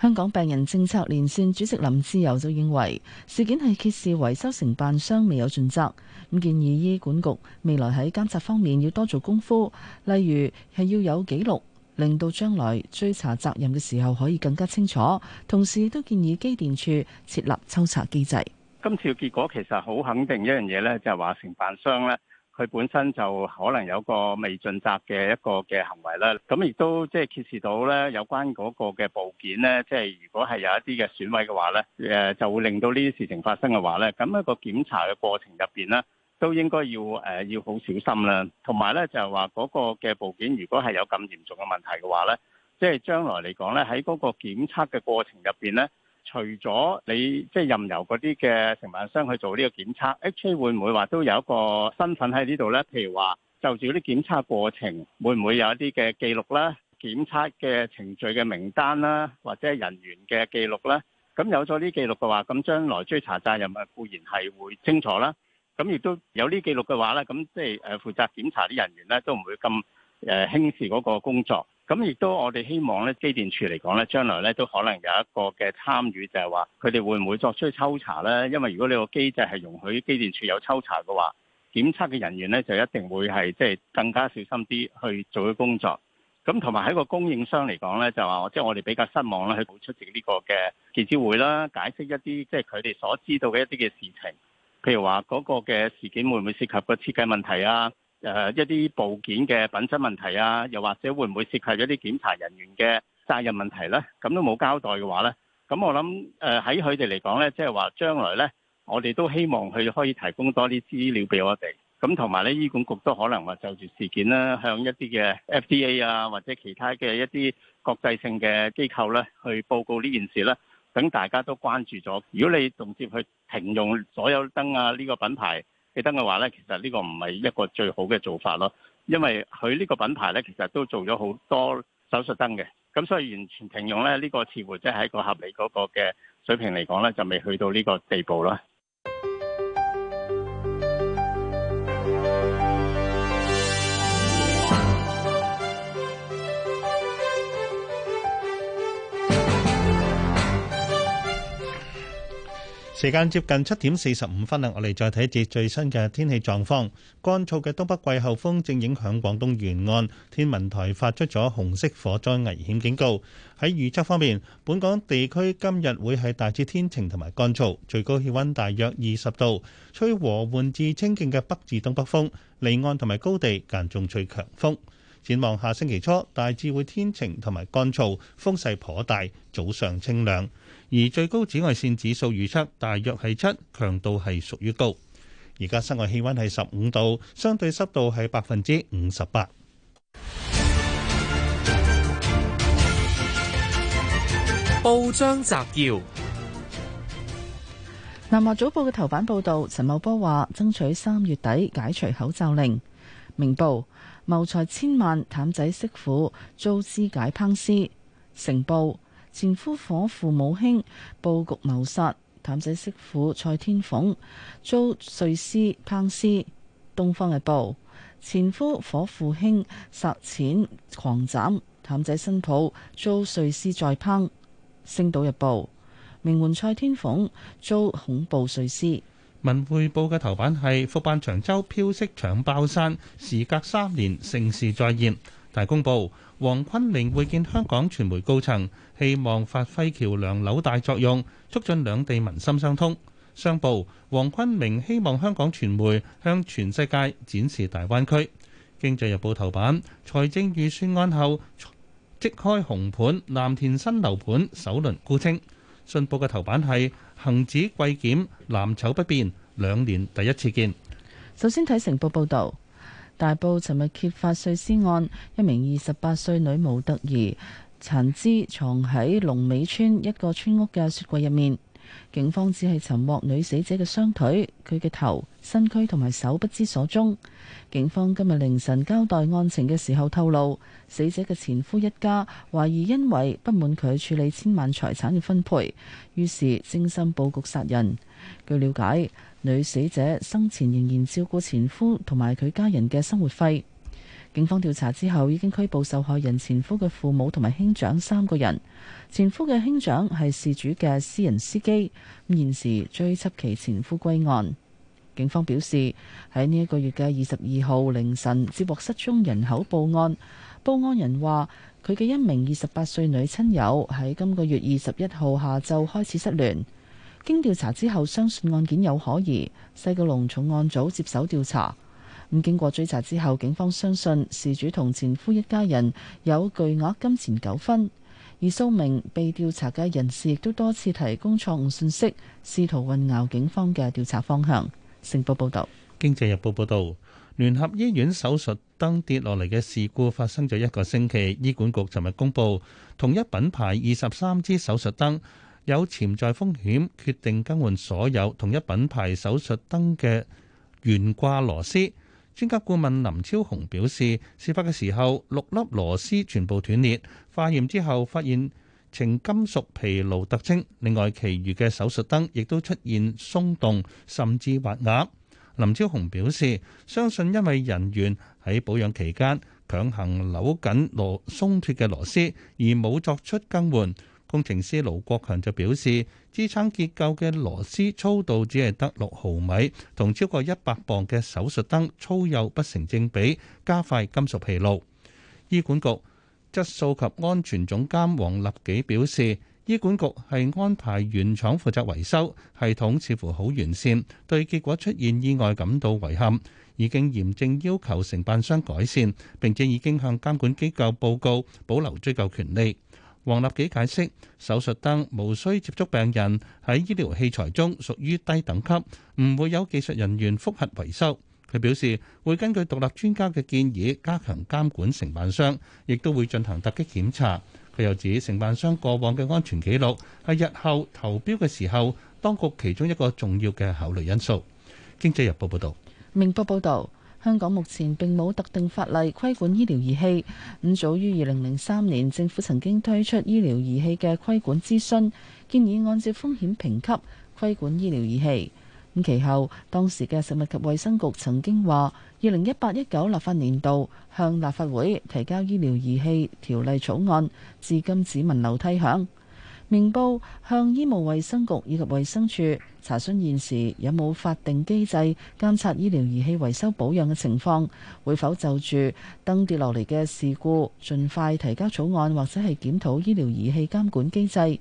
Speaker 3: 香港病人政策連線主席林志友就認為事件係揭示維修承辦商未有盡責，咁建議醫管局未來喺監察方面要多做功夫，例如係要有記錄，令到將來追查責任嘅時候可以更加清楚。同時都建議機電署設立抽查機制。
Speaker 21: 今次嘅結果其實好肯定一樣嘢呢，就係話承辦商咧。佢本身就可能有個未盡責嘅一個嘅行為啦，咁亦都即係揭示到咧有關嗰個嘅部件咧，即係如果係有一啲嘅損毀嘅話咧，誒就會令到呢啲事情發生嘅話咧，咁一個檢查嘅過程入邊咧，都應該要誒要好小心啦。同埋咧就係話個嘅部件如果係有咁嚴重嘅問題嘅話咧，即係將來嚟講咧，喺嗰個檢測嘅過程入邊咧，除咗你即係、就是、任由嗰啲嘅承辦商去做呢個檢測 HK 會唔會話都有一個身份喺呢度咧？譬如話就住嗰啲檢測過程，會唔會有一啲嘅記錄啦，檢測嘅程序嘅名單啦，或者係人員嘅記錄咧？咁有咗呢記錄嘅話，咁將來追查責任啊，固然係會清楚啦。咁亦都有呢記錄嘅話咧，咁即係誒負責檢查啲人員咧，都唔會咁誒輕視嗰個工作。咁亦都我哋希望咧，機電處嚟講咧，將來咧都可能有一個嘅參與，就係話佢哋會唔會作出去抽查咧？因為如果你個機制係容許機電處有抽查嘅話，檢測嘅人員咧就一定會係即係更加小心啲去做嘅工作。咁同埋喺個供應商嚟講咧，就話即係我哋比較失望啦，佢冇出席呢個嘅記者會啦，解釋一啲即係佢哋所知道嘅一啲嘅事情，譬如話嗰個嘅事件會唔會涉及個設計問題啊？誒、呃、一啲部件嘅品質問題啊，又或者會唔會涉及一啲檢查人員嘅責任問題呢？咁都冇交代嘅話呢。咁我諗誒喺佢哋嚟講呢，即係話將來呢，我哋都希望佢可以提供多啲資料俾我哋。咁同埋呢，醫管局都可能話就住事件啦、啊，向一啲嘅 FDA 啊或者其他嘅一啲國際性嘅機構呢去報告呢件事咧。等大家都關注咗。如果你仲接去停用所有燈啊，呢、呢個品牌。燈嘅話咧，其實呢個唔係一個最好嘅做法咯，因為佢呢個品牌咧，其實都做咗好多手術燈嘅，咁所以完全停用咧，呢個似乎即係一個合理嗰個嘅水平嚟講咧，就未去到呢個地步啦。
Speaker 4: 時間接近七點四十五分啦，我哋再睇一節最新嘅天氣狀況。乾燥嘅東北季候風正影響廣東沿岸，天文台發出咗紅色火災危險警告。喺預測方面，本港地區今日會係大致天晴同埋乾燥，最高氣溫大約二十度，吹和緩至清勁嘅北至東北風。離岸同埋高地間中吹強風。展望下星期初，大致會天晴同埋乾燥，風勢頗大，早上清涼。而最高紫外線指數預測大約係七，強度係屬於高。而家室外氣温係十五度，相對濕度係百分之五十八。報章摘要：
Speaker 3: 《南華早報》嘅頭版報道，陳茂波話爭取三月底解除口罩令。明報，謀財千萬，淡仔識苦，租師解烹師。成報。前夫伙父母兄佈局謀殺，譚仔媳婦蔡天鳳遭碎屍烹屍。《東方日報》，前夫伙父兄殺錢狂斬，譚仔新抱遭碎屍再烹。
Speaker 4: 《星島
Speaker 3: 日報》，
Speaker 4: 名媛蔡天鳳遭恐怖碎屍。《文匯報》嘅頭版係復辦長洲飄色搶包山，時隔三年盛事再現。大公報：黃坤明會見香港傳媒高層，希望發揮橋梁紐帶作用，促進兩地民心相通。商報：黃坤明希望香港傳媒向全世界展示大灣區。經濟日報頭版：財政預算案後即開紅盤，藍田新樓盤首輪沽清。信報嘅頭版係恆指季檢，藍籌不變，兩年第一次見。
Speaker 3: 首先睇成報報道。大埔尋日揭發碎屍案，一名二十八歲女模特兒殘肢藏喺龍尾村一個村屋嘅雪櫃入面。警方只係尋獲女死者嘅雙腿，佢嘅頭、身軀同埋手不知所蹤。警方今日凌晨交代案情嘅時候透露，死者嘅前夫一家懷疑因為不滿佢處理千萬財產嘅分配，於是精心佈局殺人。據了解，女死者生前仍然照顧前夫同埋佢家人嘅生活費。警方調查之後，已經拘捕受害人前夫嘅父母同埋兄長三個人。前夫嘅兄長係事主嘅私人司機，現時追緝其前夫歸案。警方表示喺呢一個月嘅二十二號凌晨接獲失蹤人口報案，報案人話佢嘅一名二十八歲女親友喺今個月二十一號下晝開始失聯。經調查之後，相信案件有可疑，西九龍重案組接手調查。咁經過追查之後，警方相信事主同前夫一家人有巨額金錢糾紛，而數名被調查嘅人士亦都多次提供錯誤信息，試圖混淆警方嘅調查方向。成報報道，
Speaker 4: 《經濟日報》報道，聯合醫院手術燈跌落嚟嘅事故發生咗一個星期，醫管局尋日公佈同一品牌二十三支手術燈有潛在風險，決定更換所有同一品牌手術燈嘅懸掛螺絲。專家顧問林超雄表示，事發嘅時候六粒螺絲全部斷裂，化驗之後發現呈金屬疲勞特徵。另外，其餘嘅手術燈亦都出現鬆動甚至滑牙。林超雄表示，相信因為人員喺保養期間強行扭緊螺鬆脱嘅螺絲，而冇作出更換。工程師盧國強就表示，支撐結構嘅螺絲粗度只係得六毫米，同超過一百磅嘅手術燈粗幼不成正比，加快金屬疲勞。醫管局質素及安全總監黃立紀表示，醫管局係安排原廠負責維修，系統似乎好完善，對結果出現意外感到遺憾，已經嚴正要求承辦商改善，並且已經向監管機構報告，保留追究權利。黃立己解釋，手術燈無需接觸病人，喺醫療器材中屬於低等級，唔會有技術人員覆核維修。佢表示會根據獨立專家嘅建議加強監管承辦商，亦都會進行突擊檢查。佢又指承辦商過往嘅安全記錄係日後投標嘅時候，當局其中一個重要嘅考慮因素。經濟日報報道，
Speaker 3: 明報報道。香港目前並冇特定法例規管醫療儀器，咁早於二零零三年政府曾經推出醫療儀器嘅規管諮詢，建議按照風險評級規管醫療儀器。咁其後當時嘅食物及衛生局曾經話，二零一八一九立法年度向立法會提交醫療儀器條例草案，至今只聞樓梯響。明報向醫務衛生局以及衛生署查詢現時有冇法定機制監察醫療儀器維修保養嘅情況，會否就住燈跌落嚟嘅事故，盡快提交草案或者係檢討醫療儀器監管機制？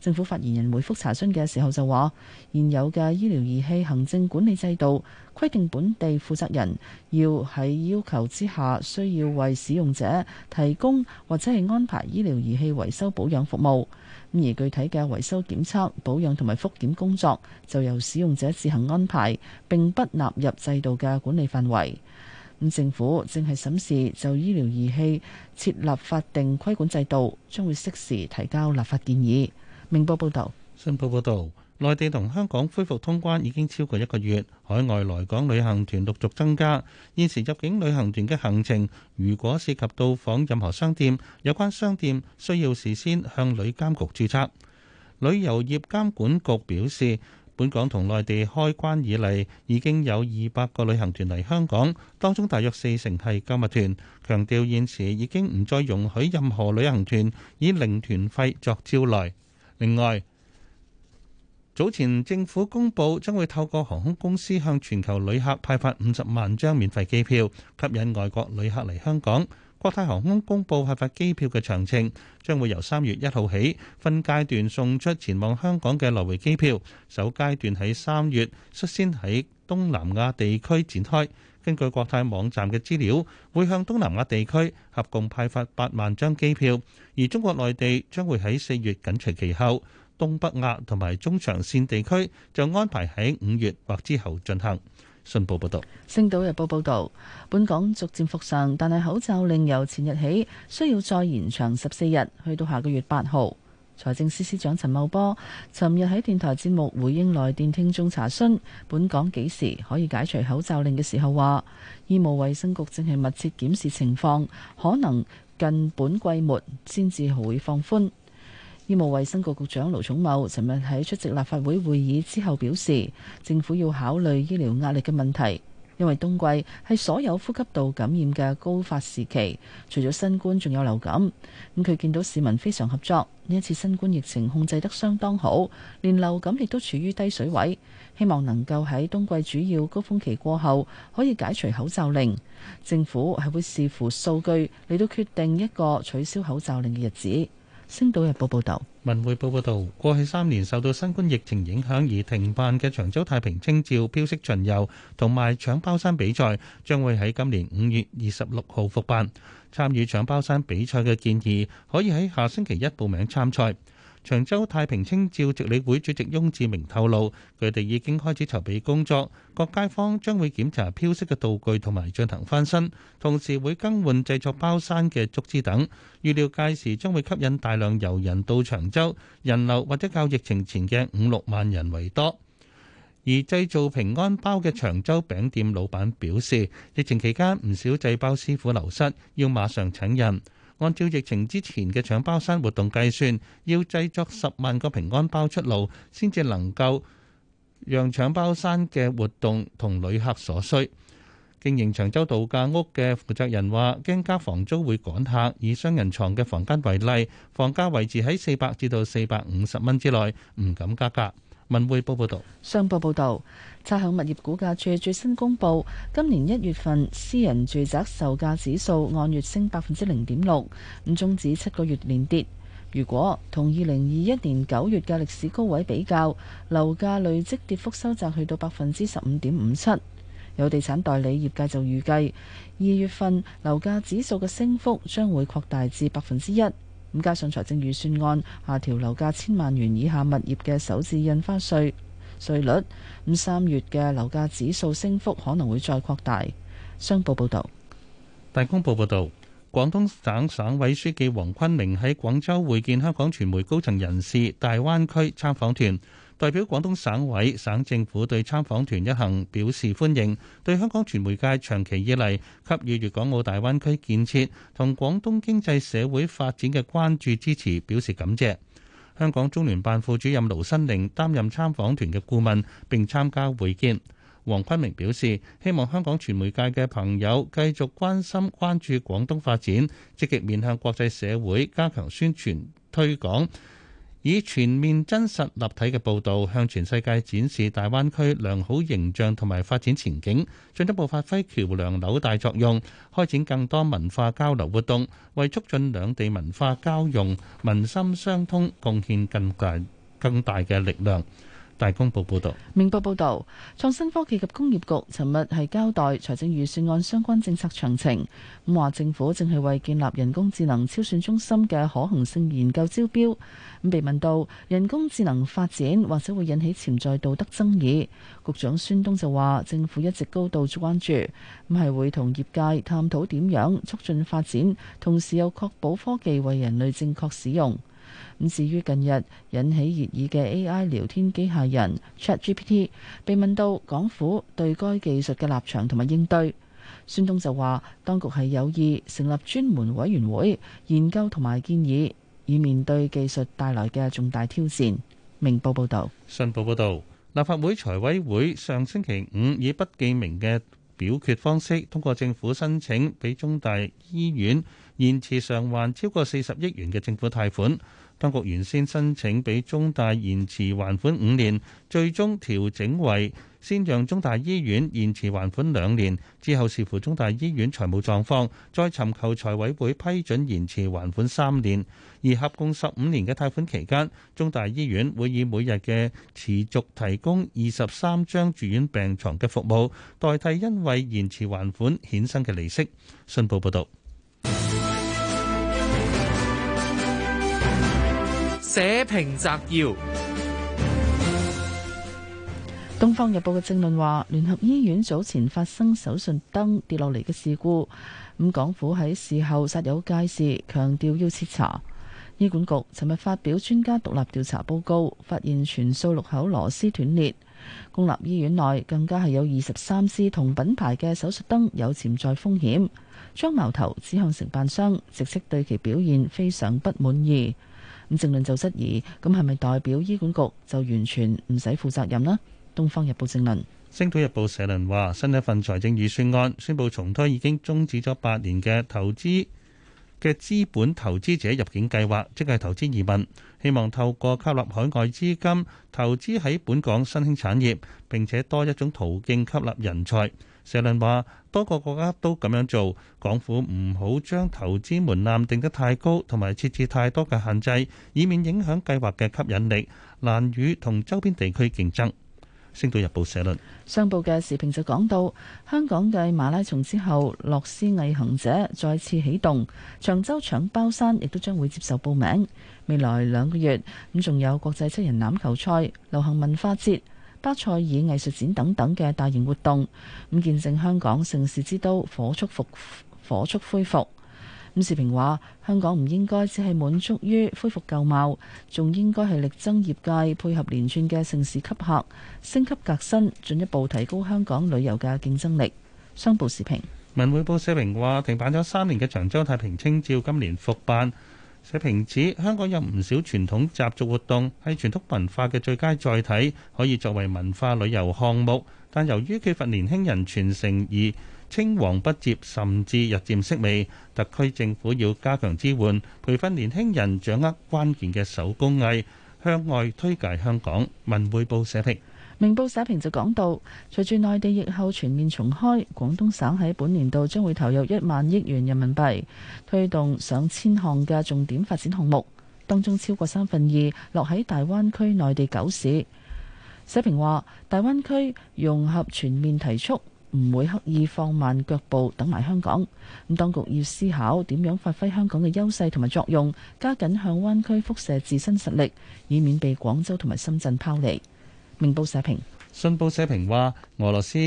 Speaker 3: 政府發言人回覆查詢嘅時候就話：現有嘅醫療儀器行政管理制度規定，本地負責人要喺要求之下，需要為使用者提供或者係安排醫療儀器維修保養服務。而具體嘅維修檢測保養同埋複檢工作，就由使用者自行安排，並不納入制度嘅管理範圍。政府正係審視就醫療儀器設立法定規管制度，將會適時提交立法建議。明報報道。新報報導。
Speaker 4: 內地同香港恢復通關已經超過一個月，海外來港旅行團陸續增加。現時入境旅行團嘅行程，如果涉及到訪任何商店，有關商店需要事先向旅監局註冊。旅遊業監管局表示，本港同內地開關以嚟，已經有二百個旅行團嚟香港，當中大約四成係購物團。強調現時已經唔再容許任何旅行團以零團費作招來。另外，早前政府公布，將會透過航空公司向全球旅客派發五十萬張免費機票，吸引外國旅客嚟香港。國泰航空公布派發機票嘅詳情，將會由三月一號起分階段送出前往香港嘅來回機票。首階段喺三月率先喺東南亞地區展開。根據國泰網站嘅資料，會向東南亞地區合共派發八萬張機票，而中國內地將會喺四月緊隨其後。東北亞同埋中長線地區就安排喺五月或之後進行。信報報道，
Speaker 3: 《星島日報》報道，本港逐漸復上，但係口罩令由前日起需要再延長十四日，去到下個月八號。財政司司長陳茂波尋日喺電台節目回應來電聽眾查詢本港幾時可以解除口罩令嘅時候話，醫務衛生局正係密切檢視情況，可能近本季末先至會放寬。醫務衛生局局長盧寵茂尋日喺出席立法會會議之後表示，政府要考慮醫療壓力嘅問題，因為冬季係所有呼吸道感染嘅高發時期，除咗新冠，仲有流感。咁、嗯、佢見到市民非常合作，呢一次新冠疫情控制得相當好，連流感亦都處於低水位。希望能夠喺冬季主要高峰期過後可以解除口罩令。政府係會視乎數據嚟到決定一個取消口罩令嘅日子。星島日報報道，
Speaker 4: 文匯報報道，過去三年受到新冠疫情影響而停辦嘅長洲太平清醮飄色巡遊同埋搶包山比賽，將會喺今年五月二十六號復辦。參與搶包山比賽嘅建議，可以喺下星期一報名參賽。長洲太平清醮值理會主席翁志明透露，佢哋已經開始籌備工作，各街坊將會檢查飄色嘅道具同埋進行翻新，同時會更換製作包山嘅竹枝等。預料屆時將會吸引大量遊人到長洲，人流或者較疫情前嘅五六萬人為多。而製造平安包嘅長洲餅店老闆表示，疫情期間唔少製包師傅流失，要馬上請人。按照疫情之前嘅搶包山活動計算，要製作十萬個平安包出爐，先至能夠讓搶包山嘅活動同旅客所需。經營長洲度假屋嘅負責人話，驚加房租會趕客，以雙人床嘅房間為例，房價維持喺四百至到四百五十蚊之內，唔敢加價。文匯報報道，
Speaker 3: 商報報道，差餉物業估價署最，最新公布，今年一月份私人住宅售價，售價指數按月升百分之零點六，五終止七個月連跌。如果同二零二一年九月嘅歷史高位比較，樓價累積跌幅收窄去到百分之十五點五七。有地產代理業界就預計，二月份樓價指數嘅升幅將會擴大至百分之一。咁加上財政預算案下調樓價千萬元以下物業嘅首次印花稅稅率，咁三月嘅樓價指數升幅可能會再擴大。商報報導，
Speaker 4: 大公報報道：廣東省省委書記黃坤明喺廣州會見香港傳媒高層人士、大灣區參訪團。代表廣東省委、省政府對參訪團一行表示歡迎，對香港傳媒界長期以來給予粵港澳大灣區建設同廣東經濟社會發展嘅關注支持表示感謝。香港中聯辦副主任盧新寧擔任參訪團嘅顧問並參加會見。黃坤明表示，希望香港傳媒界嘅朋友繼續關心關注廣東發展，積極面向國際社會加強宣傳推廣。以全面、真實、立體嘅報導，向全世界展示大灣區良好形象同埋發展前景，進一步發揮橋梁紐帶作用，開展更多文化交流活動，為促進兩地文化交融、民心相通，貢獻更大更大嘅力量。大公報報道，
Speaker 3: 明報報道，創新科技及工業局尋日係交代財政預算案相關政策詳情。咁話政府正係為建立人工智能超算中心嘅可行性研究招標。咁被問到人工智能發展或者會引起潛在道德爭議，局長孫東就話政府一直高度關注，咁係會同業界探討點樣促進發展，同時又確保科技為人類正確使用。咁至於近日引起熱議嘅 A.I. 聊天機械人 ChatGPT，被問到港府對該技術嘅立場同埋應對，孫東就話：當局係有意成立專門委員會研究同埋建議，以面對技術帶來嘅重大挑戰。明報報道。
Speaker 4: 信報報道，立法會財委會上星期五以不記名嘅表決方式通過政府申請，俾中大醫院延遲償還超過四十億元嘅政府貸款。當局原先申請俾中大延遲還款五年，最終調整為先讓中大醫院延遲還款兩年，之後視乎中大醫院財務狀況，再尋求財委會批准延遲還款三年。而合共十五年嘅貸款期間，中大醫院會以每日嘅持續提供二十三張住院病床嘅服務，代替因為延遲還款衍生嘅利息。信報報道。
Speaker 2: 社評摘要，
Speaker 3: 《東方日報》嘅正論話，聯合醫院早前發生手術燈跌落嚟嘅事故，咁港府喺事後煞有介事，強調要徹查。醫管局尋日發表專家獨立調查報告，發現全數六口螺絲斷裂。公立醫院內更加係有二十三支同品牌嘅手術燈有潛在風險，將矛頭指向承辦商，直斥對其表現非常不滿意。咁政論就質疑，咁係咪代表醫管局就完全唔使負責任呢？《東方日報》政
Speaker 4: 論。星島日報社論話，新一份財政預算案宣布重推已經終止咗八年嘅投資嘅資本投資者入境計劃，即係投資移民，希望透過吸納海外資金投資喺本港新興產業，並且多一種途徑吸納人才。社論話多個國家都咁樣做，港府唔好將投資門檻定得太高，同埋設置太多嘅限制，以免影響計劃嘅吸引力，難與同周邊地區競爭。星島日報社論。
Speaker 3: 上報嘅視頻就講到，香港嘅馬拉松之後，樂施毅行者再次起動，長洲搶包山亦都將會接受報名。未來兩個月，咁仲有國際七人欖球賽、流行文化節。巴塞爾藝術展等等嘅大型活動，咁見證香港盛事之都火速復火速恢復。伍視平話，香港唔應該只係滿足於恢復舊貌，仲應該係力爭業界配合連串嘅盛事吸客升級革新，進一步提高香港旅遊嘅競爭力。商報時評，
Speaker 4: 文匯報社評話，停辦咗三年嘅長洲太平清醮今年復辦。社評指香港有唔少傳統習俗活動係傳統文化嘅最佳載體，可以作為文化旅遊項目。但由於缺乏年輕人傳承而青黃不接，甚至日漸式微，特區政府要加強支援，培訓年輕人掌握關鍵嘅手工藝，向外推介香港。文匯報社評。
Speaker 3: 明報社評就講到，隨住內地疫後全面重開，廣東省喺本年度將會投入一萬億元人民幣推動上千項嘅重點發展項目，當中超過三分二落喺大灣區內地九市。社評話，大灣區融合全面提速，唔會刻意放慢腳步等埋香港。咁，當局要思考點樣發揮香港嘅優勢同埋作用，加緊向灣區輻射自身實力，以免被廣州同埋深圳拋離。明報社評，
Speaker 4: 信報社評話：俄羅斯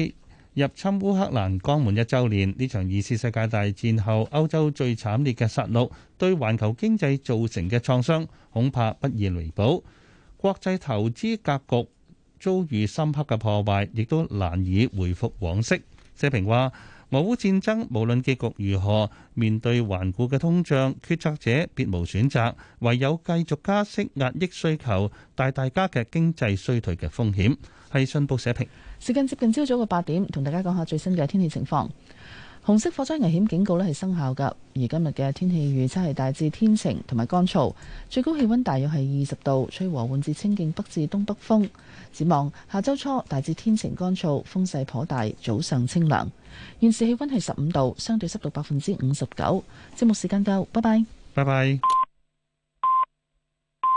Speaker 4: 入侵烏克蘭江門一週年，呢場二次世界大戰後歐洲最慘烈嘅殺戮，對環球經濟造成嘅創傷恐怕不易彌補，國際投資格局遭遇深刻嘅破壞，亦都難以回復往昔。社評話。俄烏戰爭無論結局如何，面對頑固嘅通脹，決策者別無選擇，唯有繼續加息壓抑需求，大大加劇經濟衰退嘅風險。係信報社評。
Speaker 3: 時間接近朝早嘅八點，同大家講下最新嘅天氣情況。紅色火災危險警告咧係生效噶，而今日嘅天氣預測係大致天晴同埋乾燥，最高氣溫大約係二十度，吹和緩至清勁北至東北風。展望下周初大致天晴乾燥，風勢頗大，早上清涼。現時氣溫係十五度，相對濕度百分之
Speaker 12: 五十九。節目時間夠，拜拜。拜拜。